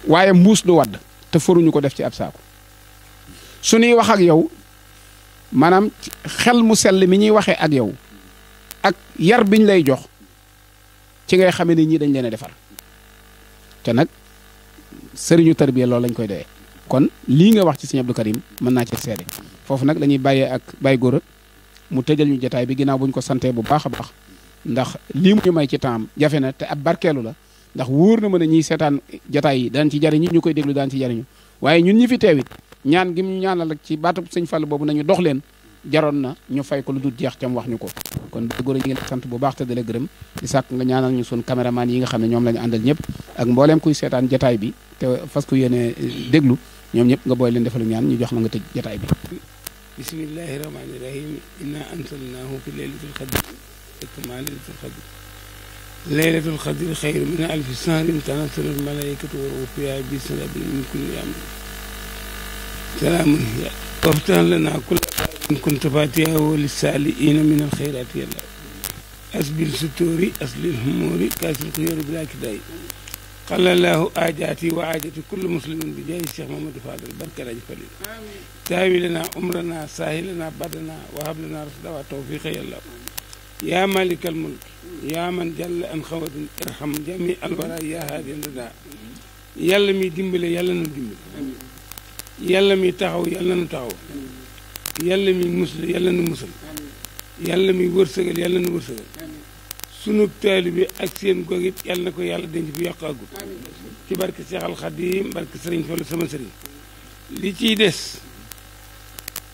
waaye mbuus du wadd te foruñu ko def ci ab saako su ñuy wax ak yow maanaam xel mu sell mi ñuy waxee ak yow ak yar biñ lay jox ci ngay xamee ni ñii dañ leen a defar te nag sëriñu tarbiya lool lañ koy doyee kon lii nga wax ci sëñ Abdou Karim mën naa ci seede foofu nag dañuy bàyyee ak bàyyi góor mu tëjal ñu jataay bi ginnaaw bu ñu ko santee bu baax a baax ndax lii mu ñu may ci temps jafe na te ab barkeelu la ndax wóor na mën ne ñiy seetaan jataay yi daan ci jariñu ñu koy déglu daan ci jariñu waaye ñun ñi fi teewit ñaan gi mu ñaanal ak ci baatub sëñ Fall boobu nañu dox leen jaroon na ñu fay lu dul jeex cam wax ñu ko kon góor a ñu ngi sant bu baax te di la gërëm nga ñaanal ñu sun caméraman yi nga xam ne ñoom la ñu ñëpp ak mbooleem kuy seetaan jataay bi te fas ku yéene déglu ñoom ñëpp nga booy leen defalu ñaan ñu jox la nga tëj jataay bi bismillahi rahmaani rahim inna anzalnaahu fi laylatul qadr maa laylatul qadr laylatul qadr xayrun min alfi shahrin tanazzalul malaa'ikatu war-ruuhu fiihaa bi'izni rabbihim min kulli amrin salaamun hiya waftah lanaa kulla baabin kunta faatihahu lis-saa'iliina minal xayraati ya Allah asbil sutuuri aslil humuuri kaasif xuyuuri bilaa kidaay xalallahu ajaati wa ajaati kulli muslimin bi jaayi Cheikh Mamadou Fadal barke lañ falil taawilana umrana sahilana badana wa hablana rasda wa tawfiqa yàlla yaa malikal mulk yaa man jàll an xawadin irham jami alwara yaa haadin rida yàlla mi dimbale yàlla nu dimbale yàlla mi taxaw yàlla nu taxaw yàlla mi musal yàlla nu musal yàlla mi wërsëgal yàlla nu wërsëgal sunu teel bi ak seen goog it yàlla na ko yàlla denc fi yàq àggu ci barke Seex al Xadiim sëriñ Fallu sama sëriñ li ciy des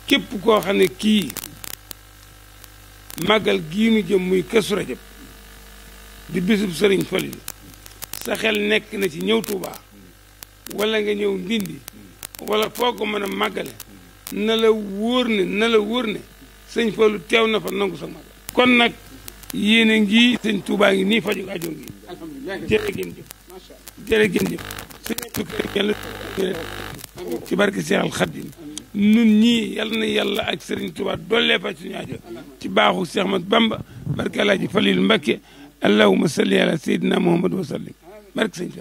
képp koo xam ne kii màggal gii nu jëm muy Kazu Rajab di bésub sëriñ Fallu sa xel nekk na ci ñëw Tuubaa wala nga ñëw Ndindi wala foo ko mën a màggale na la wóor ne na la wóor ne sëñ Fallu teew na fa nangu sa màggal kon nag yéen a ngi sëñ Touba ngi nii faju aajo ngi jërë ngeen jëf jërë ngeen jëf ci barke Seex al nun ñii yal na yàlla ak sëriñ Touba doole faj suñu aajo ci baaxu Seex Ahmadu Bamba barke Alaaji Falil Mbakke allahuma salli ala sayyidina Muhammad wa barke sëñ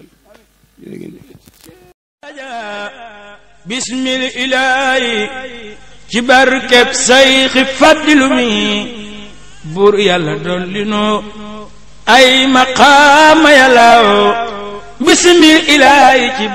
Fall mi buur yàlla dolli noo ay maqaama yàllaaw bismil ilaahi ci